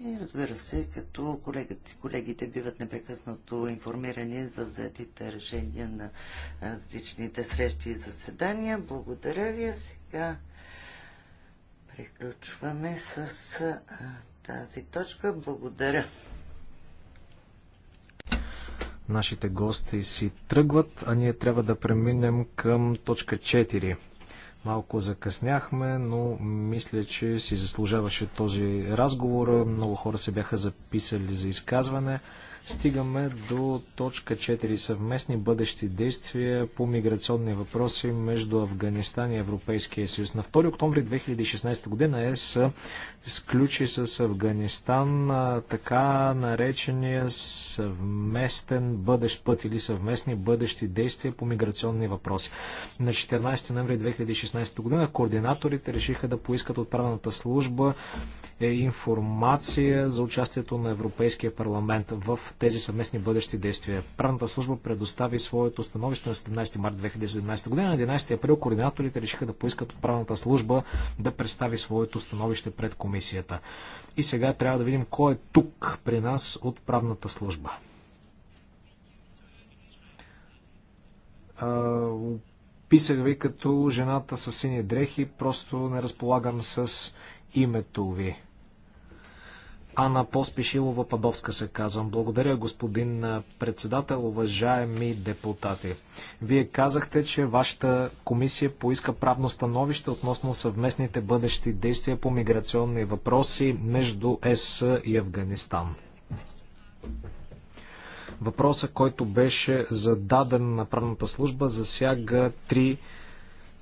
И разбира се, като колегите, колегите биват непрекъснато информирани за взетите решения на различните срещи и заседания. Благодаря ви. Сега приключваме с тази точка. Благодаря. Нашите гости си тръгват, а ние трябва да преминем към точка 4. Малко закъсняхме, но мисля, че си заслужаваше този разговор. Много хора се бяха записали за изказване стигаме до точка 4. Съвместни бъдещи действия по миграционни въпроси между Афганистан и Европейския съюз. На 2 октомври 2016 година ЕС сключи с Афганистан така наречения съвместен бъдещ път или съвместни бъдещи действия по миграционни въпроси. На 14 ноември 2016 година координаторите решиха да поискат от правната служба е, информация за участието на Европейския парламент в тези съвместни бъдещи действия. Правната служба предостави своето становище на 17 март 2017 година. На 11 април координаторите решиха да поискат от правната служба да представи своето становище пред комисията. И сега трябва да видим кой е тук при нас от правната служба. Писах ви като жената с сини дрехи, просто не разполагам с името ви. Ана Поспешилова Падовска се казвам. Благодаря, господин председател, уважаеми депутати. Вие казахте, че вашата комисия поиска правно становище относно съвместните бъдещи действия по миграционни въпроси между ЕС и Афганистан. Въпросът, който беше зададен на правната служба, засяга три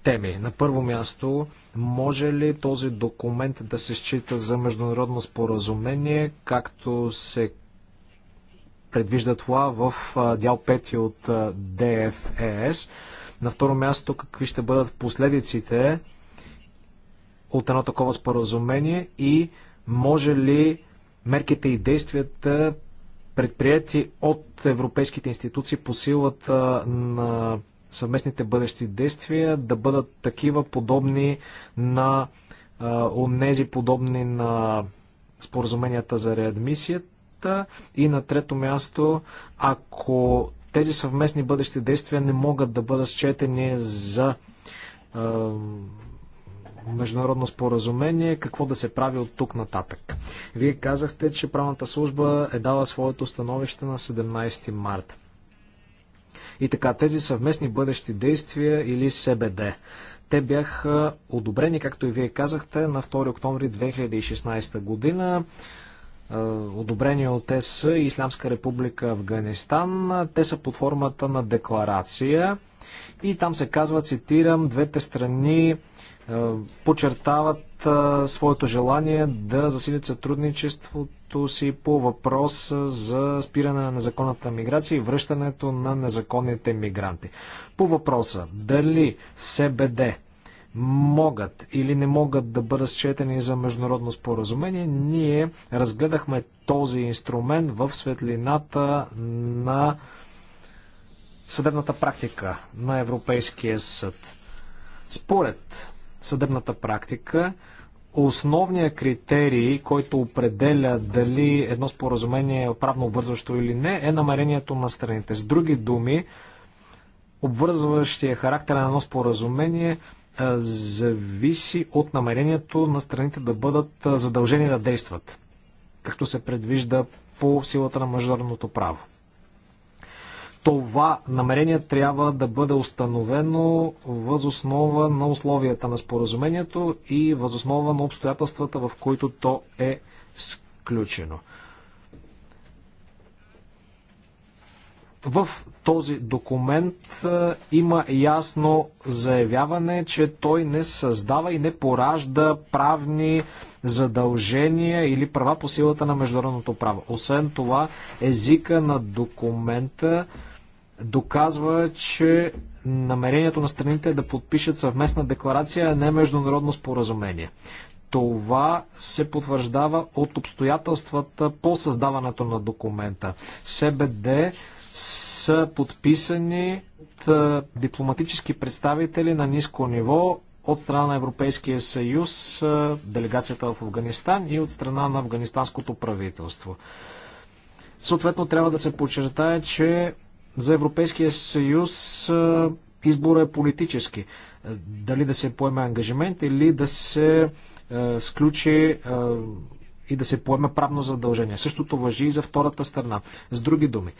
теми. На първо място, може ли този документ да се счита за международно споразумение, както се предвижда това в дял 5 от ДФЕС? На второ място, какви ще бъдат последиците от едно такова споразумение и може ли мерките и действията предприяти от европейските институции по силата на съвместните бъдещи действия да бъдат такива подобни на онези подобни на споразуменията за реадмисията и на трето място, ако тези съвместни бъдещи действия не могат да бъдат счетени за е, международно споразумение, какво да се прави от тук нататък. Вие казахте, че правната служба е дала своето становище на 17 марта. И така, тези съвместни бъдещи действия или СБД. Те бяха одобрени, както и вие казахте, на 2 октомври 2016 година одобрени от ЕС и е, Исламска република Афганистан. Те са под формата на декларация и там се казва, цитирам, двете страни е, подчертават е, своето желание да засилят сътрудничеството си по въпроса за спиране на незаконната миграция и връщането на незаконните мигранти. По въпроса дали СБД могат или не могат да бъдат счетени за международно споразумение, ние разгледахме този инструмент в светлината на съдебната практика на Европейския съд. Според съдебната практика, основният критерий, който определя дали едно споразумение е правно обвързващо или не, е намерението на страните. С други думи, обвързващия характер на едно споразумение зависи от намерението на страните да бъдат задължени да действат, както се предвижда по силата на международното право това намерение трябва да бъде установено възоснова на условията на споразумението и възоснова на обстоятелствата, в които то е сключено. В този документ има ясно заявяване, че той не създава и не поражда правни задължения или права по силата на международното право. Освен това, езика на документа доказва, че намерението на страните е да подпишат съвместна декларация, а не международно споразумение. Това се потвърждава от обстоятелствата по създаването на документа. СБД са подписани от дипломатически представители на ниско ниво от страна на Европейския съюз, делегацията в Афганистан и от страна на афганистанското правителство. Съответно, трябва да се подчертае, че за Европейския съюз избора е политически. Дали да се поеме ангажимент или да се е, сключи е, и да се поеме правно задължение. Същото въжи и за втората страна. С други думи,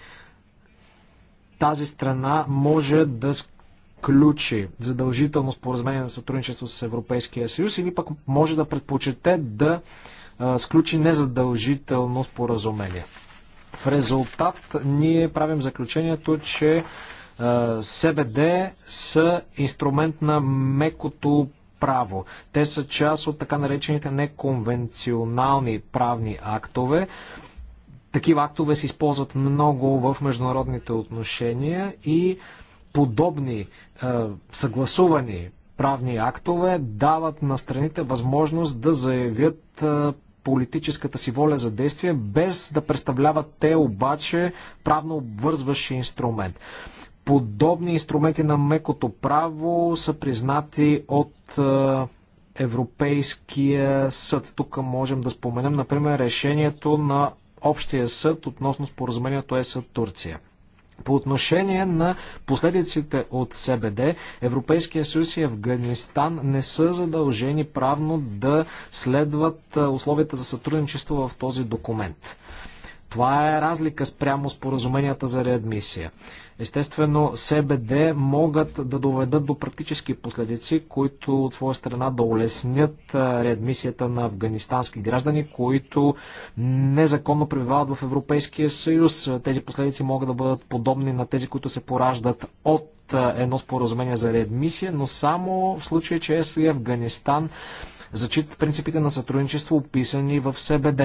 тази страна може да сключи задължително споразумение за сътрудничество с Европейския съюз или пък може да предпочете да е, сключи незадължително споразумение. В резултат ние правим заключението, че е, СБД са инструмент на мекото право. Те са част от така наречените неконвенционални правни актове. Такива актове се използват много в международните отношения и подобни е, съгласувани правни актове дават на страните възможност да заявят е, политическата си воля за действие, без да представляват те обаче правно обвързващ инструмент. Подобни инструменти на мекото право са признати от е, Европейския съд. Тук можем да споменем, например, решението на Общия съд относно споразумението ЕС Турция. По отношение на последиците от СБД, Европейския съюз и Афганистан не са задължени правно да следват условията за сътрудничество в този документ. Това е разлика спрямо споразуменията за реадмисия. Естествено, СБД могат да доведат до практически последици, които от своя страна да улеснят реадмисията на афганистански граждани, които незаконно пребивават в Европейския съюз. Тези последици могат да бъдат подобни на тези, които се пораждат от едно споразумение за реадмисия, но само в случай, че е и Афганистан зачитат принципите на сътрудничество, описани в СБД.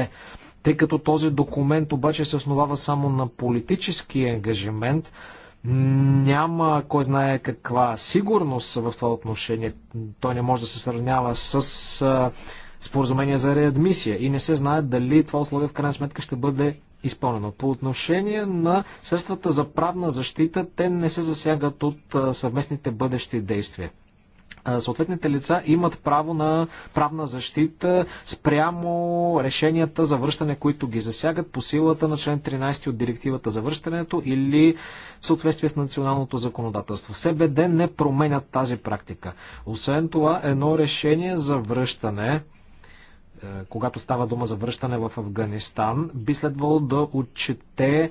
Тъй като този документ обаче се основава само на политически ангажимент, няма кой знае каква сигурност в това отношение. Той не може да се сравнява с споразумение за реадмисия и не се знае дали това условие в крайна сметка ще бъде изпълнено. По отношение на средствата за правна защита, те не се засягат от съвместните бъдещи действия съответните лица имат право на правна защита спрямо решенията за връщане, които ги засягат по силата на член 13 от директивата за връщането или в съответствие с националното законодателство. СБД не променят тази практика. Освен това, едно решение за връщане е, когато става дума за връщане в Афганистан, би следвало да отчете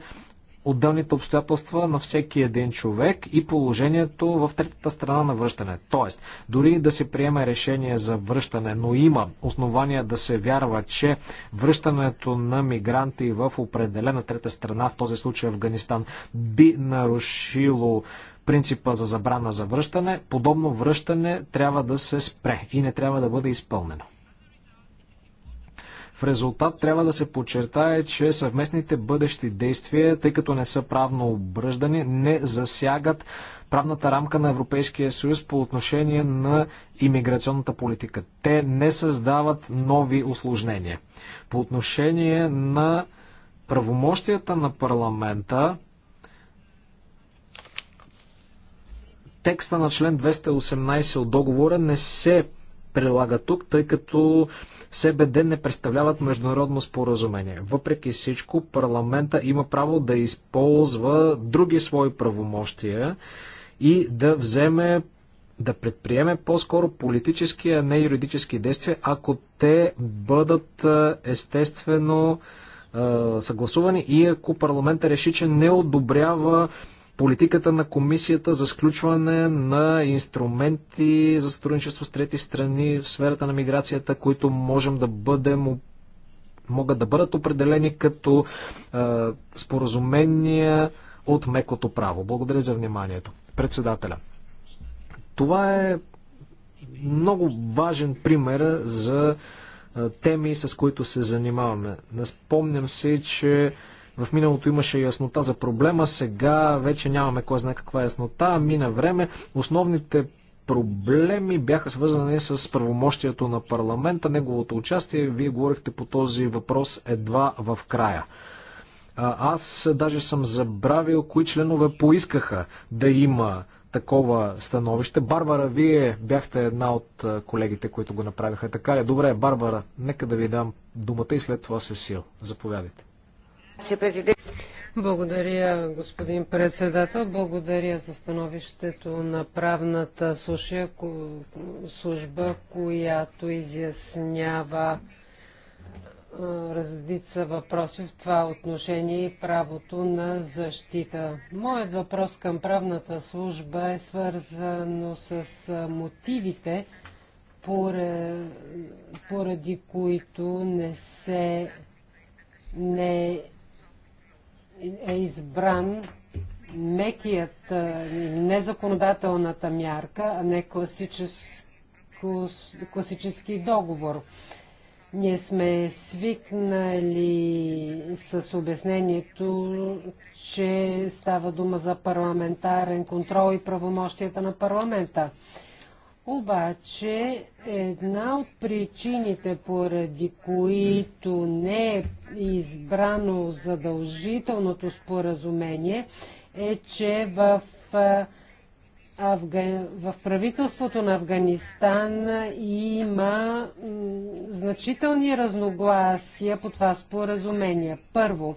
отделните обстоятелства на всеки един човек и положението в третата страна на връщане. Тоест, дори да се приеме решение за връщане, но има основания да се вярва, че връщането на мигранти в определена трета страна, в този случай Афганистан, би нарушило принципа за забрана за връщане, подобно връщане трябва да се спре и не трябва да бъде изпълнено резултат трябва да се подчертае, че съвместните бъдещи действия, тъй като не са правно обръждани, не засягат правната рамка на Европейския съюз по отношение на имиграционната политика. Те не създават нови осложнения. По отношение на правомощията на парламента, текста на член 218 от договора не се прилага тук, тъй като СБД не представляват международно споразумение. Въпреки всичко, парламента има право да използва други свои правомощия и да вземе да предприеме по-скоро политически, а не юридически действия, ако те бъдат естествено съгласувани и ако парламента реши, че не одобрява политиката на комисията за сключване на инструменти за сътрудничество с трети страни в сферата на миграцията, които можем да бъдем могат да бъдат определени като е, споразумения от мекото право. Благодаря за вниманието. Председателя. Това е много важен пример за е, теми, с които се занимаваме. Наспомням се, че в миналото имаше яснота за проблема, сега вече нямаме кой знае каква яснота, мина време. Основните проблеми бяха свързани с правомощието на парламента, неговото участие. Вие говорихте по този въпрос едва в края. Аз даже съм забравил кои членове поискаха да има такова становище. Барбара, вие бяхте една от колегите, които го направиха. Така ли? Добре, Барбара, нека да ви дам думата и след това се сил. Заповядайте. Благодаря, господин председател. Благодаря за становището на правната служба, която изяснява разлица въпроси в това отношение и правото на защита. Моят въпрос към правната служба е свързано с мотивите, поради които не се не е е избран мекият или незаконодателната мярка, а не класически, класически договор. Ние сме свикнали с обяснението, че става дума за парламентарен контрол и правомощията на парламента. Обаче една от причините, поради които не е избрано задължителното споразумение, е, че в, Афга... в правителството на Афганистан има значителни разногласия по това споразумение. Първо,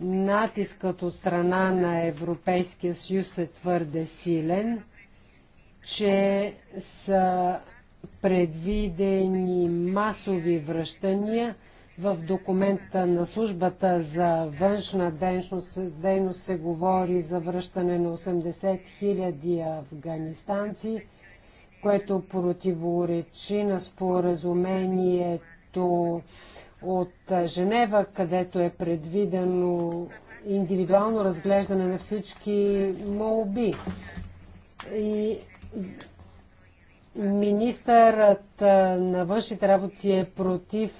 натискът от страна на Европейския съюз е твърде силен че са предвидени масови връщания. В документа на службата за външна дейност, дейност се говори за връщане на 80 000 афганистанци, което противоречи на споразумението от Женева, където е предвидено индивидуално разглеждане на всички молби. И Министърът на външните работи е против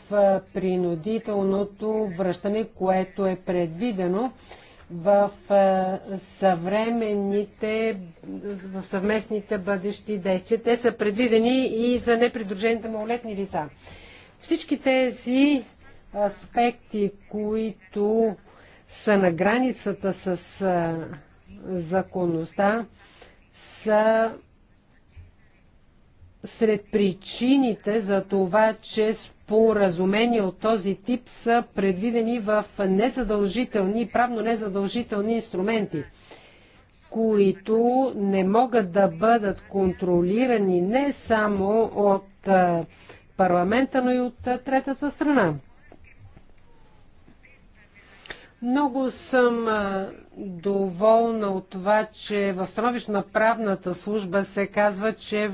принудителното връщане, което е предвидено в съвременните, в съвместните бъдещи действия. Те са предвидени и за непридружените малолетни лица. Всички тези аспекти, които са на границата с законността, са сред причините за това, че споразумения от този тип са предвидени в незадължителни, правно незадължителни инструменти, които не могат да бъдат контролирани не само от парламента, но и от третата страна. Много съм доволна от това, че в становище на правната служба се казва, че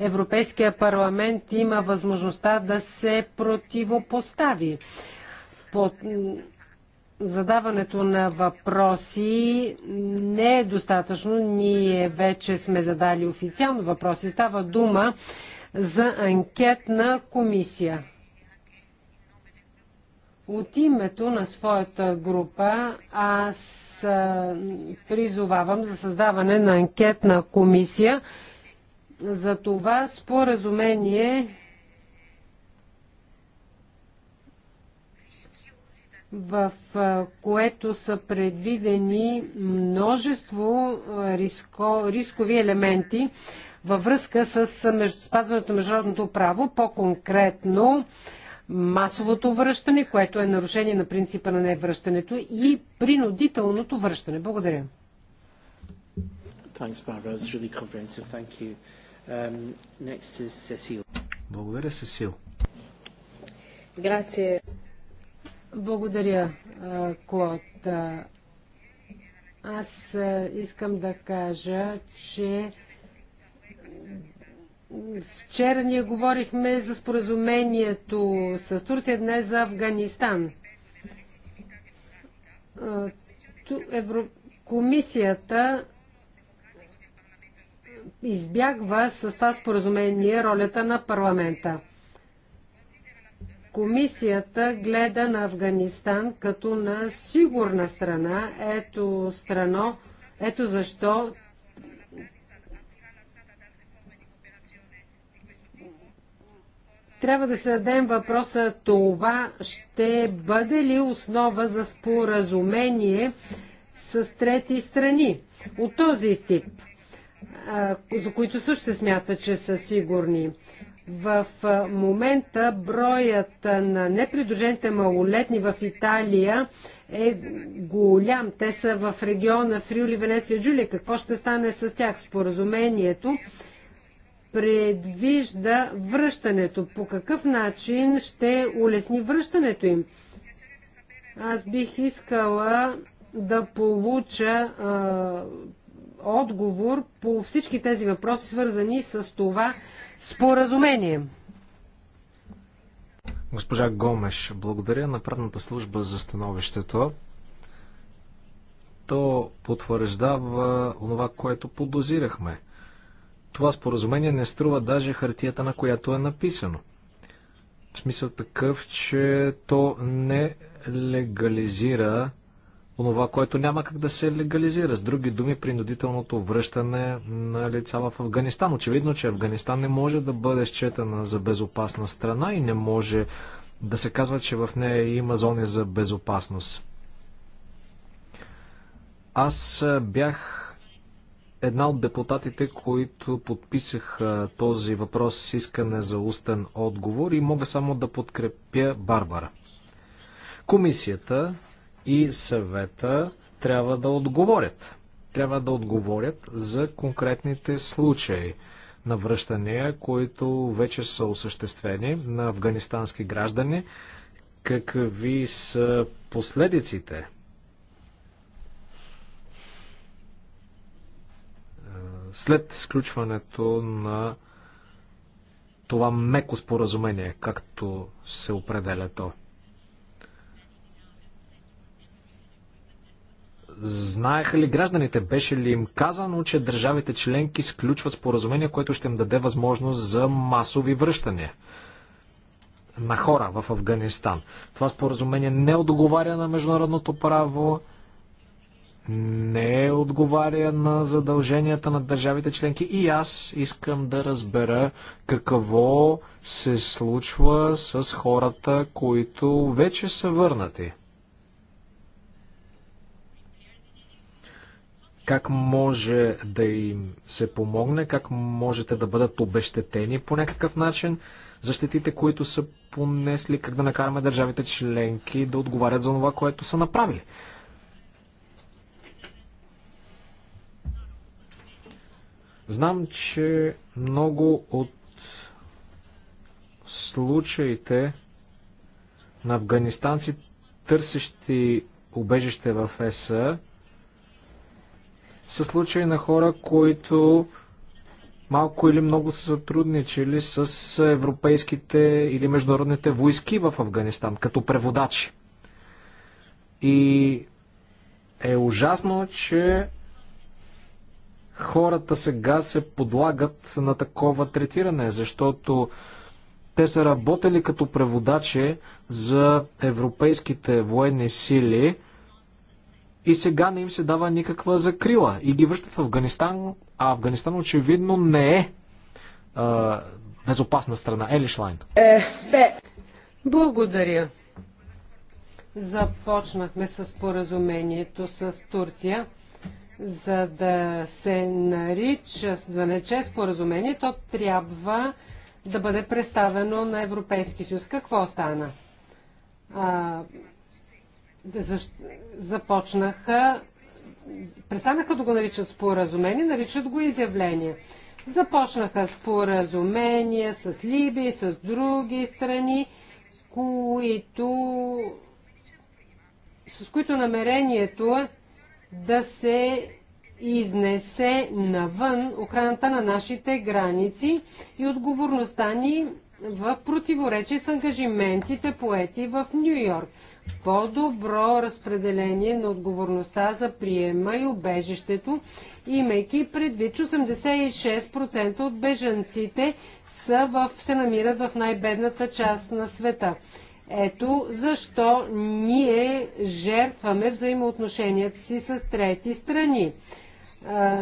Европейския парламент има възможността да се противопостави. Под задаването на въпроси не е достатъчно. Ние вече сме задали официално въпроси. Става дума за анкетна комисия. От името на своята група аз призовавам за създаване на анкетна комисия за това споразумение в което са предвидени множество риско, рискови елементи във връзка с спазването на международното право, по-конкретно масовото връщане, което е нарушение на принципа на невръщането и принудителното връщане. Благодаря. Um, Благодаря, Сесил. Грация. Благодаря, Клод. Аз искам да кажа, че Вчера ние говорихме за споразумението с Турция, днес за Афганистан. Комисията избягва с това споразумение ролята на парламента. Комисията гледа на Афганистан като на сигурна страна. Ето страно, ето защо Трябва да се дадем въпроса това ще бъде ли основа за споразумение с трети страни от този тип, за които също се смята, че са сигурни. В момента броят на непридружените малолетни в Италия е голям. Те са в региона Фриули, Венеция, Джулия. Какво ще стане с тях? Споразумението предвижда връщането? По какъв начин ще улесни връщането им? Аз бих искала да получа а, отговор по всички тези въпроси, свързани с това споразумение. Госпожа Гомеш, благодаря на правната служба за становището. То потвърждава това, което подозирахме това споразумение не струва даже хартията, на която е написано. В смисъл такъв, че то не легализира онова, което няма как да се легализира. С други думи, принудителното връщане на лица в Афганистан. Очевидно, че Афганистан не може да бъде счетена за безопасна страна и не може да се казва, че в нея има зони за безопасност. Аз бях една от депутатите, които подписаха този въпрос с искане за устен отговор и мога само да подкрепя Барбара. Комисията и съвета трябва да отговорят. Трябва да отговорят за конкретните случаи на връщания, които вече са осъществени на афганистански граждани. Какви са последиците? след сключването на това меко споразумение, както се определя то. Знаеха ли гражданите, беше ли им казано, че държавите членки сключват споразумение, което ще им даде възможност за масови връщания на хора в Афганистан? Това споразумение не отговаря на международното право, не отговаря на задълженията на държавите членки и аз искам да разбера какво се случва с хората, които вече са върнати. Как може да им се помогне, как можете да бъдат обещетени по някакъв начин защитите, които са понесли, как да накараме държавите членки да отговарят за това, което са направили. Знам, че много от случаите на афганистанци, търсещи убежище в ЕСА, са случаи на хора, които малко или много са сътрудничили с европейските или международните войски в Афганистан, като преводачи. И е ужасно, че хората сега се подлагат на такова третиране, защото те са работили като преводачи за европейските военни сили и сега не им се дава никаква закрила и ги връщат в Афганистан, а Афганистан очевидно не е а, безопасна страна. Елишлайн. Е, бе. Благодаря. Започнахме с поразумението с Турция за да се нарича, за да нарече споразумение, то трябва да бъде представено на Европейски съюз. Какво стана? А, защ... Започнаха, престанаха да го наричат споразумение, наричат го изявление. Започнаха споразумения с Либия, и с други страни, които с които намерението е да се изнесе навън охраната на нашите граници и отговорността ни в противоречие с ангажиментите поети в Нью Йорк. По-добро разпределение на отговорността за приема и обежището, имайки предвид, че 86% от бежанците са в, се намират в най-бедната част на света. Ето защо ние жертваме взаимоотношенията си с трети страни.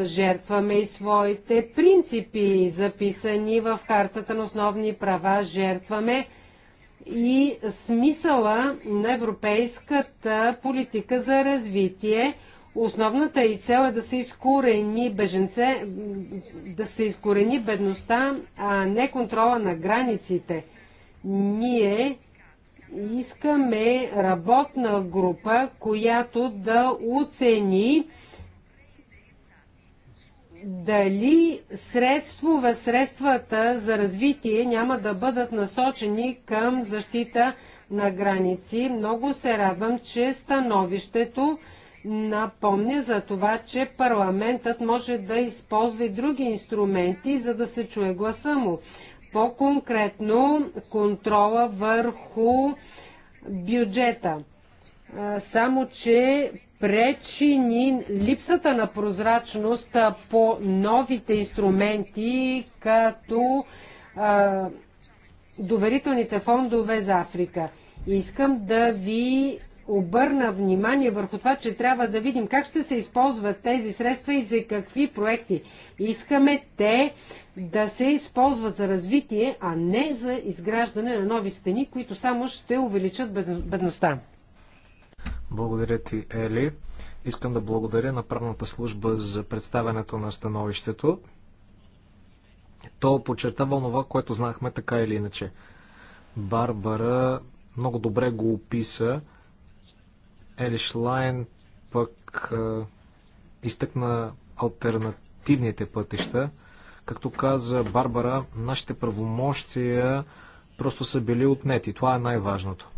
Жертваме и своите принципи, записани в Картата на основни права. Жертваме и смисъла на европейската политика за развитие. Основната и цел е да се изкорени беженце, да се изкорени бедността, а не контрола на границите. Ние Искаме работна група, която да оцени дали средства средствата за развитие няма да бъдат насочени към защита на граници. Много се радвам, че становището напомня за това, че парламентът може да използва и други инструменти, за да се чуе гласа му. По-конкретно контрола върху бюджета. Само, че ни липсата на прозрачност по новите инструменти, като доверителните фондове за Африка. Искам да ви обърна внимание върху това, че трябва да видим как ще се използват тези средства и за какви проекти. Искаме те да се използват за развитие, а не за изграждане на нови стени, които само ще увеличат бедността. Благодаря ти, Ели. Искам да благодаря на правната служба за представянето на становището. То подчертава това, което знахме така или иначе. Барбара много добре го описа. Елиш Лайн пък а, изтъкна альтернативните пътища. Както каза Барбара, нашите правомощия просто са били отнети. Това е най-важното.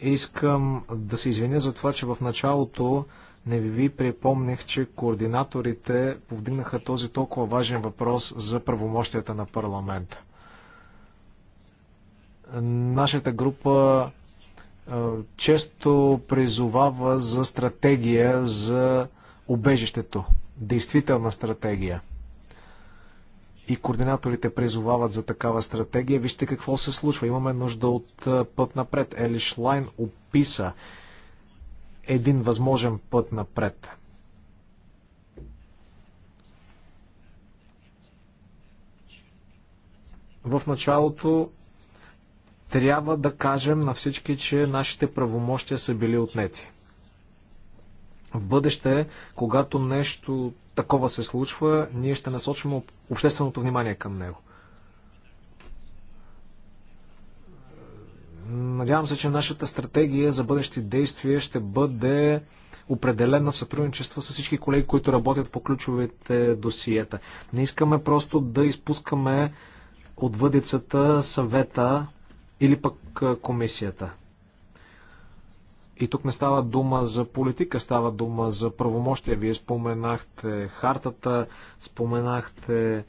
Искам да се извиня за това, че в началото не ви припомнях, че координаторите повдигнаха този толкова важен въпрос за правомощията на парламента. Нашата група често призовава за стратегия за убежището. Действителна стратегия. И координаторите призовават за такава стратегия. Вижте какво се случва. Имаме нужда от път напред. Елиш Лайн описа един възможен път напред. В началото трябва да кажем на всички, че нашите правомощия са били отнети. В бъдеще, когато нещо такова се случва, ние ще насочим общественото внимание към него. Надявам се, че нашата стратегия за бъдещи действия ще бъде определена в сътрудничество с всички колеги, които работят по ключовите досиета. Не искаме просто да изпускаме от въдицата съвета или пък комисията. И тук не става дума за политика, става дума за правомощия. Вие споменахте хартата, споменахте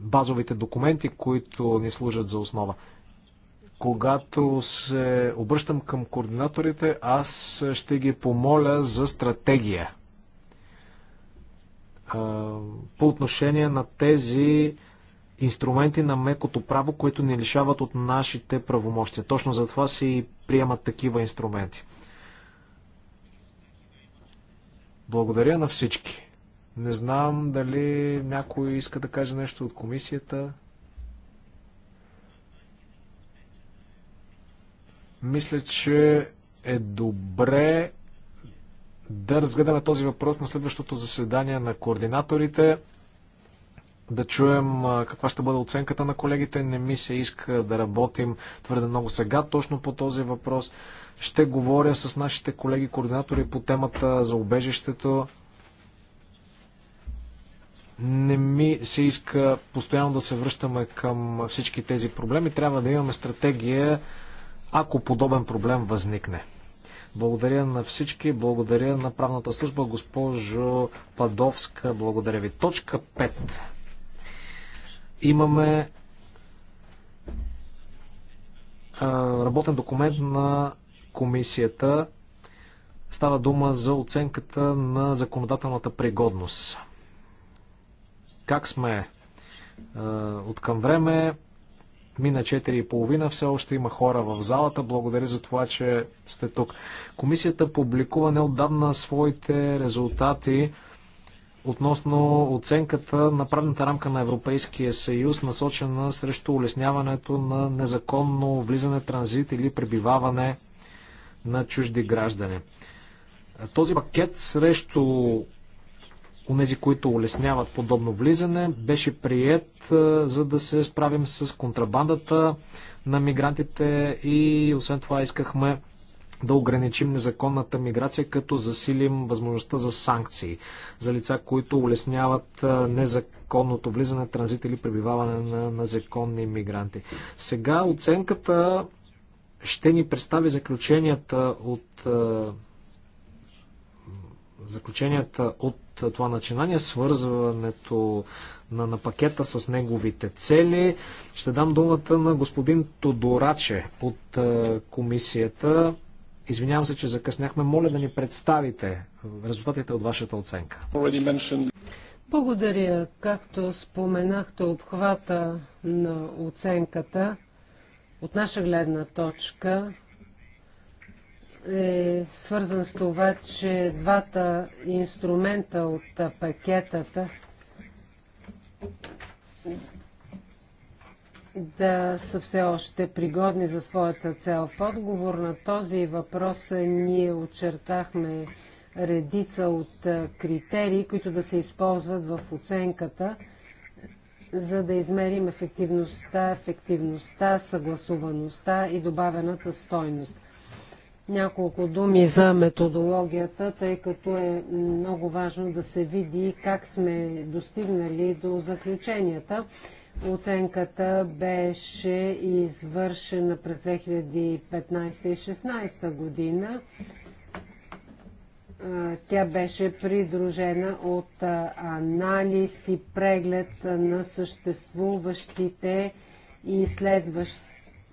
базовите документи, които ни служат за основа. Когато се обръщам към координаторите, аз ще ги помоля за стратегия. По отношение на тези инструменти на мекото право, които ни лишават от нашите правомощия. Точно за това се и приемат такива инструменти. Благодаря на всички. Не знам дали някой иска да каже нещо от комисията. Мисля, че е добре да разгледаме този въпрос на следващото заседание на координаторите да чуем каква ще бъде оценката на колегите. Не ми се иска да работим твърде много сега точно по този въпрос. Ще говоря с нашите колеги координатори по темата за убежището. Не ми се иска постоянно да се връщаме към всички тези проблеми. Трябва да имаме стратегия, ако подобен проблем възникне. Благодаря на всички, благодаря на правната служба, госпожо Падовска, благодаря ви. Точка 5 имаме работен документ на комисията. Става дума за оценката на законодателната пригодност. Как сме от към време? Мина 4,5 все още има хора в залата. Благодаря за това, че сте тук. Комисията публикува неотдавна своите резултати относно оценката на правната рамка на Европейския съюз, насочена срещу улесняването на незаконно влизане, транзит или пребиваване на чужди граждани. Този пакет срещу онези, които улесняват подобно влизане, беше прият за да се справим с контрабандата на мигрантите и освен това искахме да ограничим незаконната миграция, като засилим възможността за санкции за лица, които улесняват незаконното влизане, транзит или пребиваване на незаконни мигранти. Сега оценката ще ни представи заключенията от заключенията от това начинание, свързването на, на пакета с неговите цели. Ще дам думата на господин Тодораче от е, комисията. Извинявам се, че закъсняхме. Моля да ни представите резултатите от вашата оценка. Благодаря. Както споменахте обхвата на оценката, от наша гледна точка е свързан с това, че двата инструмента от пакетата да са все още пригодни за своята цел. В отговор на този въпрос е, ние очертахме редица от е, критерии, които да се използват в оценката, за да измерим ефективността, ефективността, съгласуваността и добавената стойност. Няколко думи за методологията, тъй като е много важно да се види как сме достигнали до заключенията Оценката беше извършена през 2015 и 2016 година. Тя беше придружена от анализ и преглед на съществуващите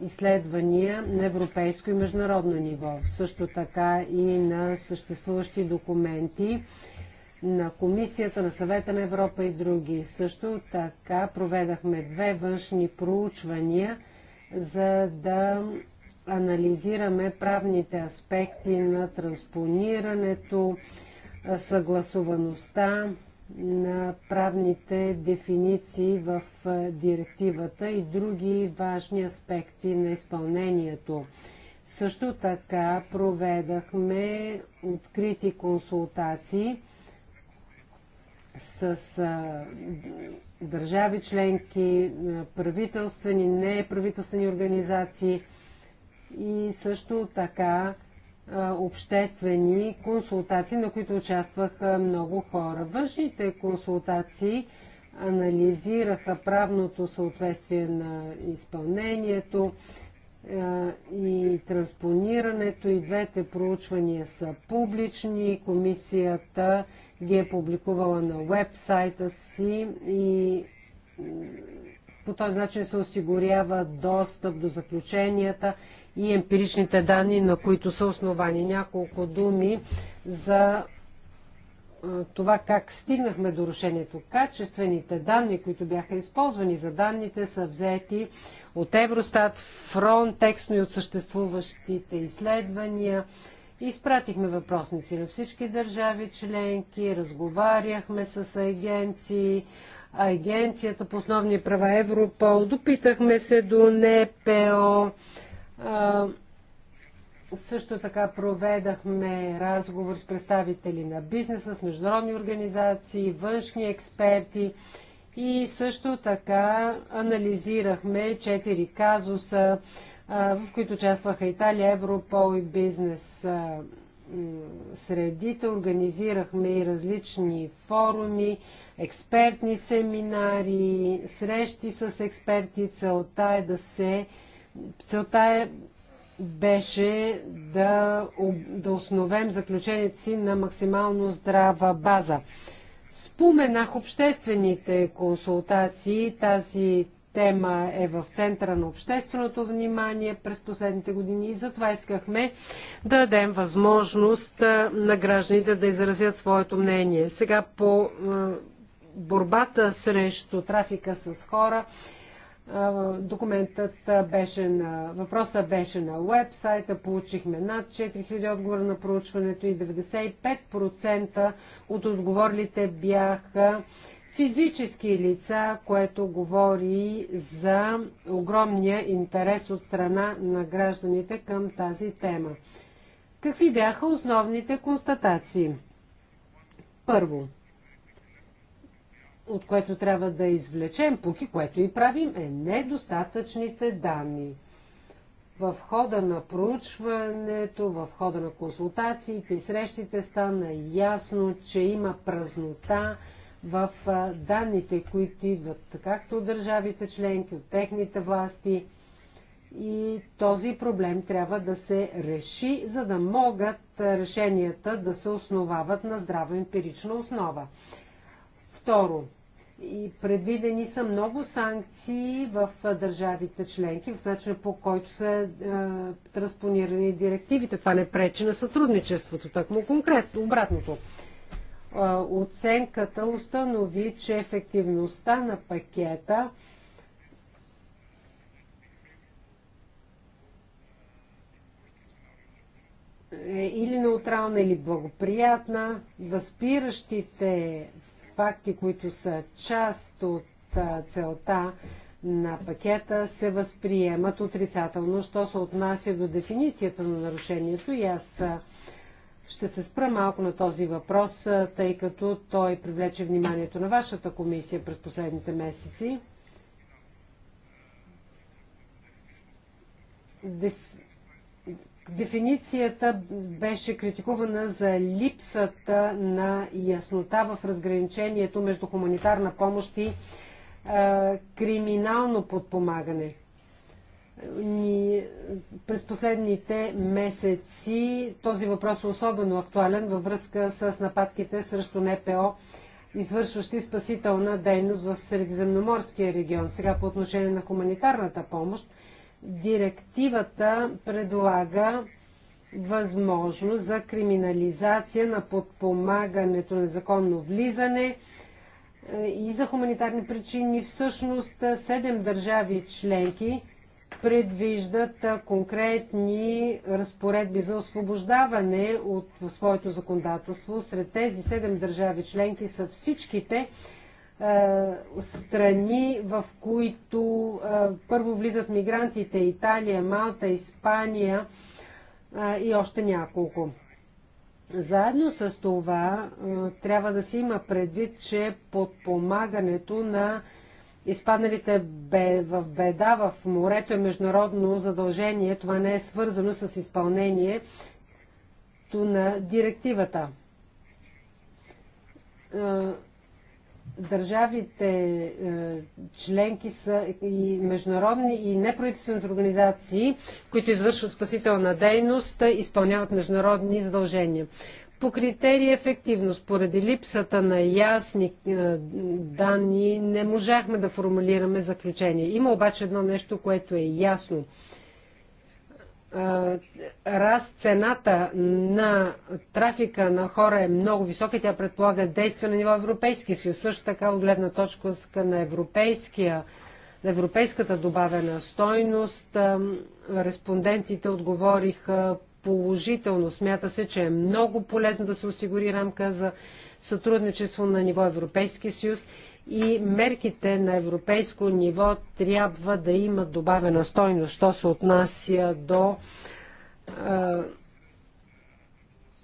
изследвания на европейско и международно ниво, също така и на съществуващи документи на Комисията на съвета на Европа и други. Също така проведахме две външни проучвания, за да анализираме правните аспекти на транспонирането, съгласуваността на правните дефиниции в директивата и други важни аспекти на изпълнението. Също така проведахме открити консултации с а, държави членки, правителствени, неправителствени организации и също така а, обществени консултации, на които участваха много хора. Външните консултации анализираха правното съответствие на изпълнението а, и транспонирането и двете проучвания са публични. Комисията ги е публикувала на вебсайта си и по този начин се осигурява достъп до заключенията и емпиричните данни, на които са основани. Няколко думи за това как стигнахме до решението. Качествените данни, които бяха използвани за данните, са взети от Евростат, Фронтекс, но и от съществуващите изследвания Изпратихме въпросници на всички държави членки, разговаряхме с агенции, агенцията по основни права Европол, допитахме се до НПО, а, също така проведахме разговор с представители на бизнеса, с международни организации, външни експерти и също така анализирахме четири казуса в които участваха Италия, Европол и бизнес средите. Организирахме и различни форуми, експертни семинари, срещи с експерти. Целта е да се... Целта е беше да, да основем заключението си на максимално здрава база. Споменах обществените консултации. Тази тема е в центъра на общественото внимание през последните години и затова искахме да дадем възможност на гражданите да изразят своето мнение. Сега по борбата срещу трафика с хора документът беше на, въпросът беше на уебсайта, получихме над 4000 отговора на проучването и 95% от отговорлите бяха физически лица, което говори за огромния интерес от страна на гражданите към тази тема. Какви бяха основните констатации? Първо, от което трябва да извлечем пуки, което и правим, е недостатъчните данни. В хода на проучването, в хода на консултациите и срещите стана ясно, че има празнота, в данните, които идват както от държавите членки, от техните власти. И този проблем трябва да се реши, за да могат решенията да се основават на здрава емпирична основа. Второ, и предвидени са много санкции в държавите членки, в начина по който са е, транспонирани директивите. Това не пречи на сътрудничеството, так му конкретно, обратното оценката установи, че ефективността на пакета е или неутрална, или благоприятна. Възпиращите факти, които са част от целта на пакета, се възприемат отрицателно, що се отнася до дефиницията на нарушението. И аз ще се спра малко на този въпрос, тъй като той привлече вниманието на вашата комисия през последните месеци. Дефиницията беше критикувана за липсата на яснота в разграничението между хуманитарна помощ и криминално подпомагане ни, през последните месеци този въпрос е особено актуален във връзка с нападките срещу НПО, извършващи спасителна дейност в Средиземноморския регион. Сега по отношение на хуманитарната помощ, директивата предлага възможност за криминализация на подпомагането на законно влизане е, и за хуманитарни причини. Всъщност, седем държави членки предвиждат конкретни разпоредби за освобождаване от своето законодателство. Сред тези седем държави членки са всичките страни, в които първо влизат мигрантите Италия, Малта, Испания и още няколко. Заедно с това трябва да се има предвид, че подпомагането на изпадналите в беда в морето е международно задължение. Това не е свързано с изпълнението на директивата. Е, държавите е, членки са и международни и неправителствените организации, които извършват спасителна дейност, изпълняват международни задължения по критерия ефективност. Поради липсата на ясни е, данни не можахме да формулираме заключение. Има обаче едно нещо, което е ясно. Е, раз цената на трафика на хора е много висока, тя предполага действие на ниво Европейски съюз. Също така от гледна точка на европейския на европейската добавена стойност. Е, респондентите отговориха положително. Смята се, че е много полезно да се осигури рамка за сътрудничество на ниво Европейски съюз и мерките на европейско ниво трябва да имат добавена стойност, що се отнася до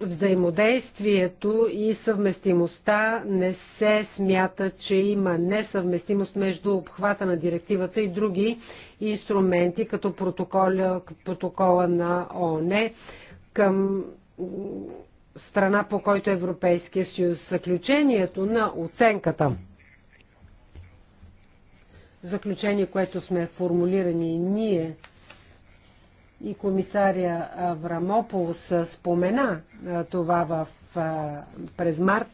взаимодействието и съвместимостта не се смята, че има несъвместимост между обхвата на директивата и други инструменти, като протокола, протокола на ООН към страна, по който Европейския съюз. Заключението на оценката. Заключение, което сме формулирани ние и комисария Аврамополс спомена това в, през март,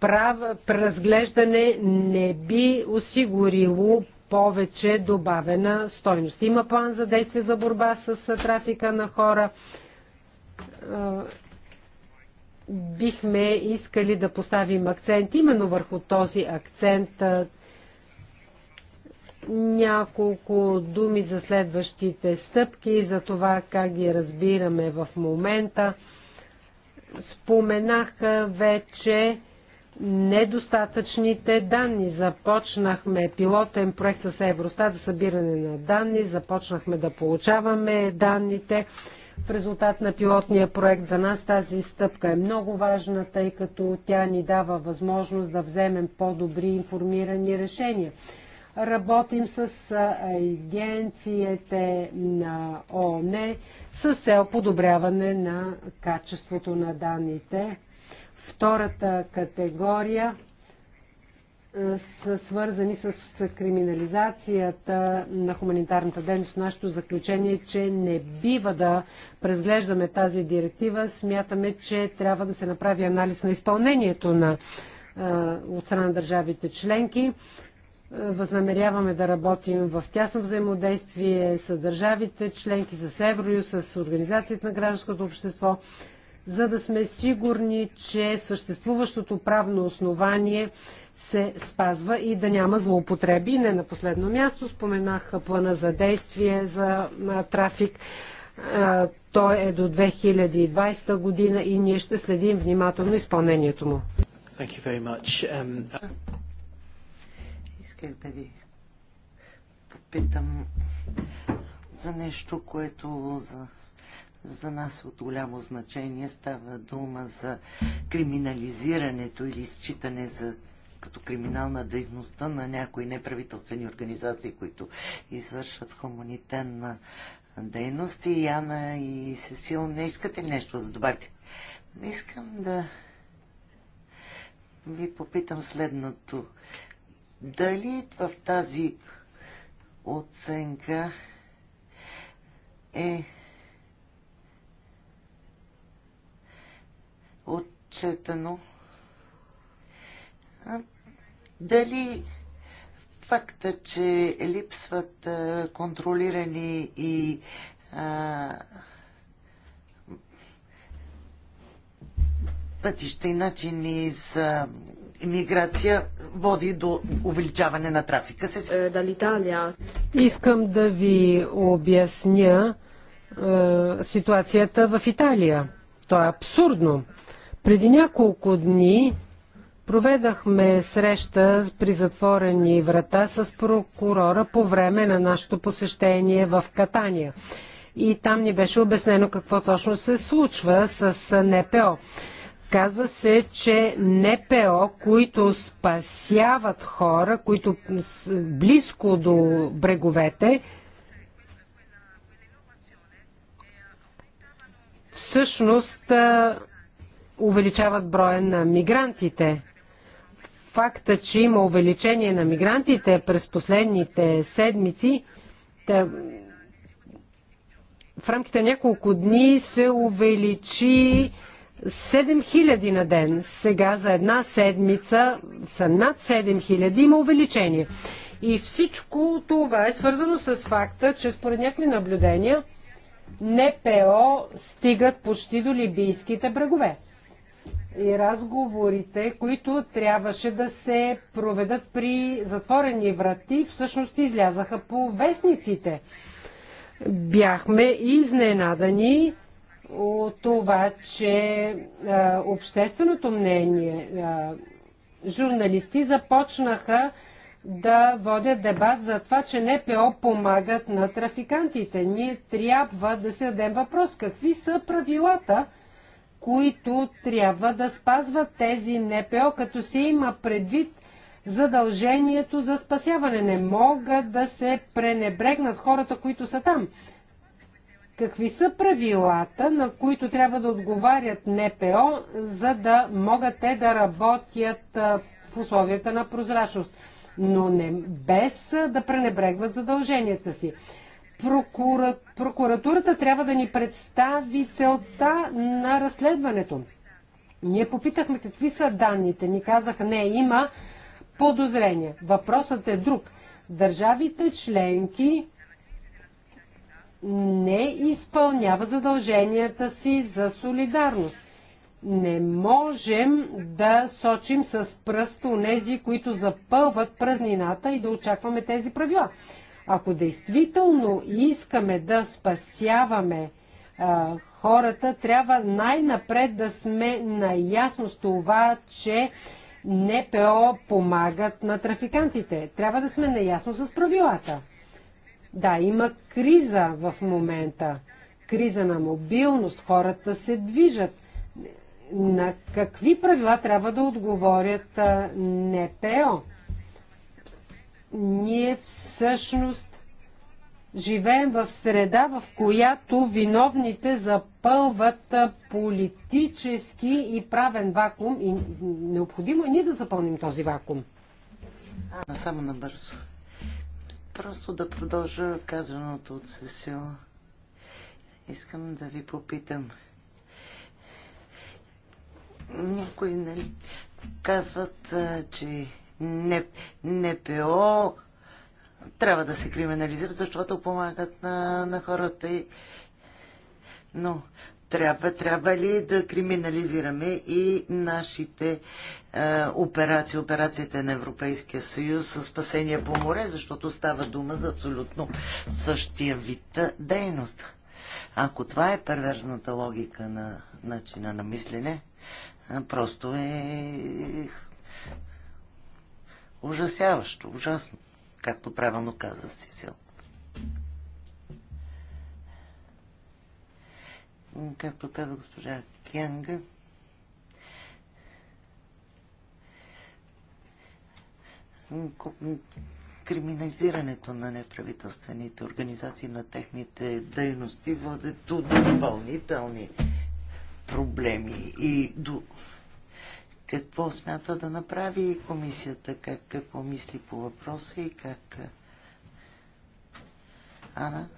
прав, разглеждане не би осигурило повече добавена стойност. Има план за действие за борба с трафика на хора. Бихме искали да поставим акцент именно върху този акцент няколко думи за следващите стъпки, за това как ги разбираме в момента. Споменах вече недостатъчните данни. Започнахме пилотен проект с Евроста за събиране на данни, започнахме да получаваме данните. В резултат на пилотния проект за нас тази стъпка е много важна, тъй като тя ни дава възможност да вземем по-добри информирани решения. Работим с агенциите на ООН с цел подобряване на качеството на данните. Втората категория са свързани с криминализацията на хуманитарната дейност. Нашето заключение е, че не бива да презглеждаме тази директива. Смятаме, че трябва да се направи анализ на изпълнението на, от страна на държавите членки. Възнамеряваме да работим в тясно взаимодействие с държавите, членки с Евроюз, с Организацията на гражданското общество, за да сме сигурни, че съществуващото правно основание се спазва и да няма злоупотреби. не на последно място споменах плана за действие за трафик. Той е до 2020 година и ние ще следим внимателно изпълнението му. Um, исках да ви попитам за нещо, което за, за нас е от голямо значение става дума за криминализирането или считане за като криминална дейността на някои неправителствени организации, които извършват хуманитенна дейност. И Яна и Сесил, не искате ли нещо да добавите? Искам да ви попитам следното. Дали в тази оценка е отчетено дали факта, че липсват контролирани и а, пътища и начини за Имиграция води до увеличаване на трафика. Е, Искам да ви обясня е, ситуацията в Италия. То е абсурдно. Преди няколко дни проведахме среща при затворени врата с прокурора по време на нашето посещение в Катания. И там ни беше обяснено какво точно се случва с НПО. Казва се, че НПО, които спасяват хора, които близко до бреговете, всъщност увеличават броя на мигрантите. Факта, че има увеличение на мигрантите през последните седмици, в рамките на няколко дни се увеличи 7000 на ден. Сега за една седмица са над 7000. Има увеличение. И всичко това е свързано с факта, че според някакви наблюдения НПО стигат почти до либийските брегове. И разговорите, които трябваше да се проведат при затворени врати, всъщност излязаха по вестниците. Бяхме изненадани от това, че а, общественото мнение, а, журналисти започнаха да водят дебат за това, че НПО помагат на трафикантите. Ние трябва да се дадем въпрос какви са правилата, които трябва да спазват тези НПО, като се има предвид задължението за спасяване. Не могат да се пренебрегнат хората, които са там. Какви са правилата, на които трябва да отговарят НПО, за да могат те да работят в условията на прозрачност, но не без да пренебрегват задълженията си? Прокура... Прокуратурата трябва да ни представи целта на разследването. Ние попитахме какви са данните. Ни казаха, не, има подозрение. Въпросът е друг. Държавите членки не изпълнява задълженията си за солидарност. Не можем да сочим с пръст у нези, които запълват празнината и да очакваме тези правила. Ако действително искаме да спасяваме а, хората, трябва най-напред да сме наясно с това, че НПО помагат на трафикантите. Трябва да сме наясно с правилата. Да, има криза в момента. Криза на мобилност. Хората се движат. На какви правила трябва да отговорят НПО? Ние всъщност живеем в среда, в която виновните запълват политически и правен вакуум и необходимо е ние да запълним този вакуум. А, само набързо. Просто да продължа казаното от Сесил. Искам да ви попитам. Някои, нали, казват, че не НПО трябва да се криминализират, защото помагат на, на хората. Но трябва, трябва ли да криминализираме и нашите е, операции, операциите на Европейския съюз с спасение по море, защото става дума за абсолютно същия вид е, дейност. Ако това е перверзната логика на начина на мислене, е, просто е ужасяващо, ужасно, както правилно каза Сисил. както каза госпожа Кянга, криминализирането на неправителствените организации на техните дейности води до допълнителни проблеми и до какво смята да направи комисията, как, какво мисли по въпроса и как... Ана?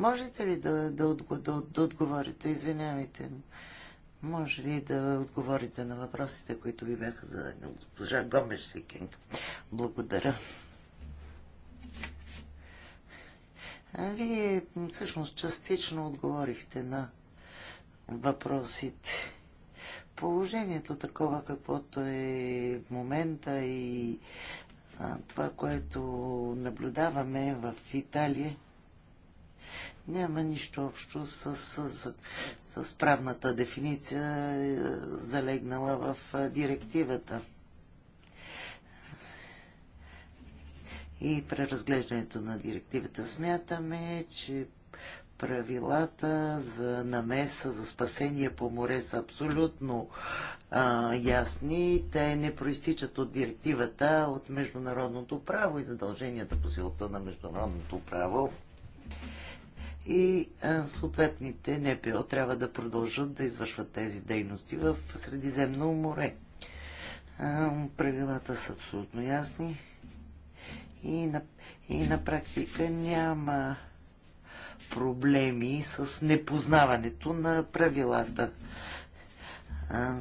Можете ли да, да, да, да отговорите? Извинявайте. Може ли да отговорите на въпросите, които ви бяха зададени от госпожа Гомеш Сикинг? Благодаря. вие всъщност частично отговорихте на въпросите. Положението такова, каквото е в момента и а, това, което наблюдаваме в Италия, няма нищо общо с, с, с, с правната дефиниция, е, залегнала в е, директивата. И преразглеждането на директивата смятаме, че правилата за намеса, за спасение по море са абсолютно а, ясни. Те не проистичат от директивата, от международното право и задълженията по силата на международното право и съответните НПО трябва да продължат да извършват тези дейности в Средиземно море. Правилата са абсолютно ясни и на, и на практика няма проблеми с непознаването на правилата.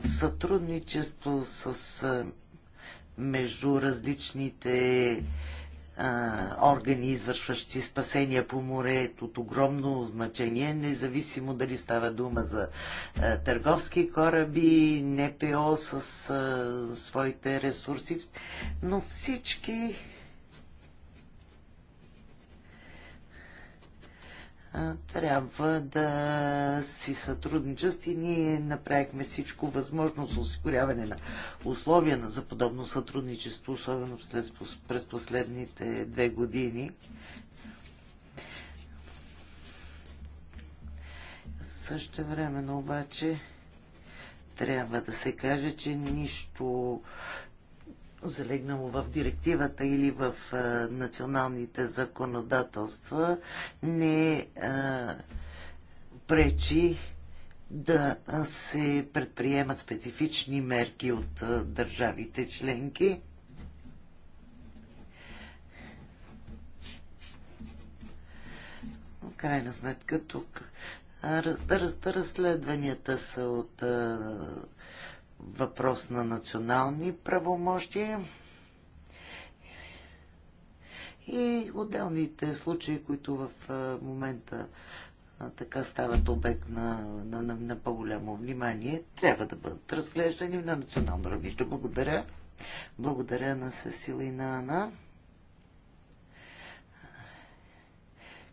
Сътрудничество с между различните органи, извършващи спасения по море, е от огромно значение, независимо дали става дума за а, търговски кораби, НПО с а, своите ресурси, но всички трябва да си сътрудничат и ние направихме всичко възможно за осигуряване на условия на за подобно сътрудничество, особено през последните две години. Също времено обаче трябва да се каже, че нищо залегнало в директивата или в националните законодателства, не пречи да се предприемат специфични мерки от държавите членки. В крайна сметка тук раз, раз, разследванията са от въпрос на национални правомощия и отделните случаи, които в момента така стават обект на, на, на, на по-голямо внимание, трябва да бъдат разглеждани на национално равнище. Благодаря. Благодаря на Сесила и на Ана.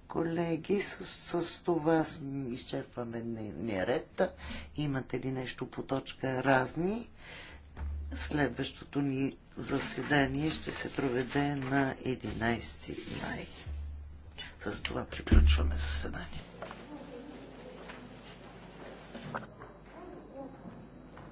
Колеги, с, с това изчерпваме дневния ред. Имате ли нещо по точка разни? Следващото ни заседание ще се проведе на 11 май. С това приключваме заседанието.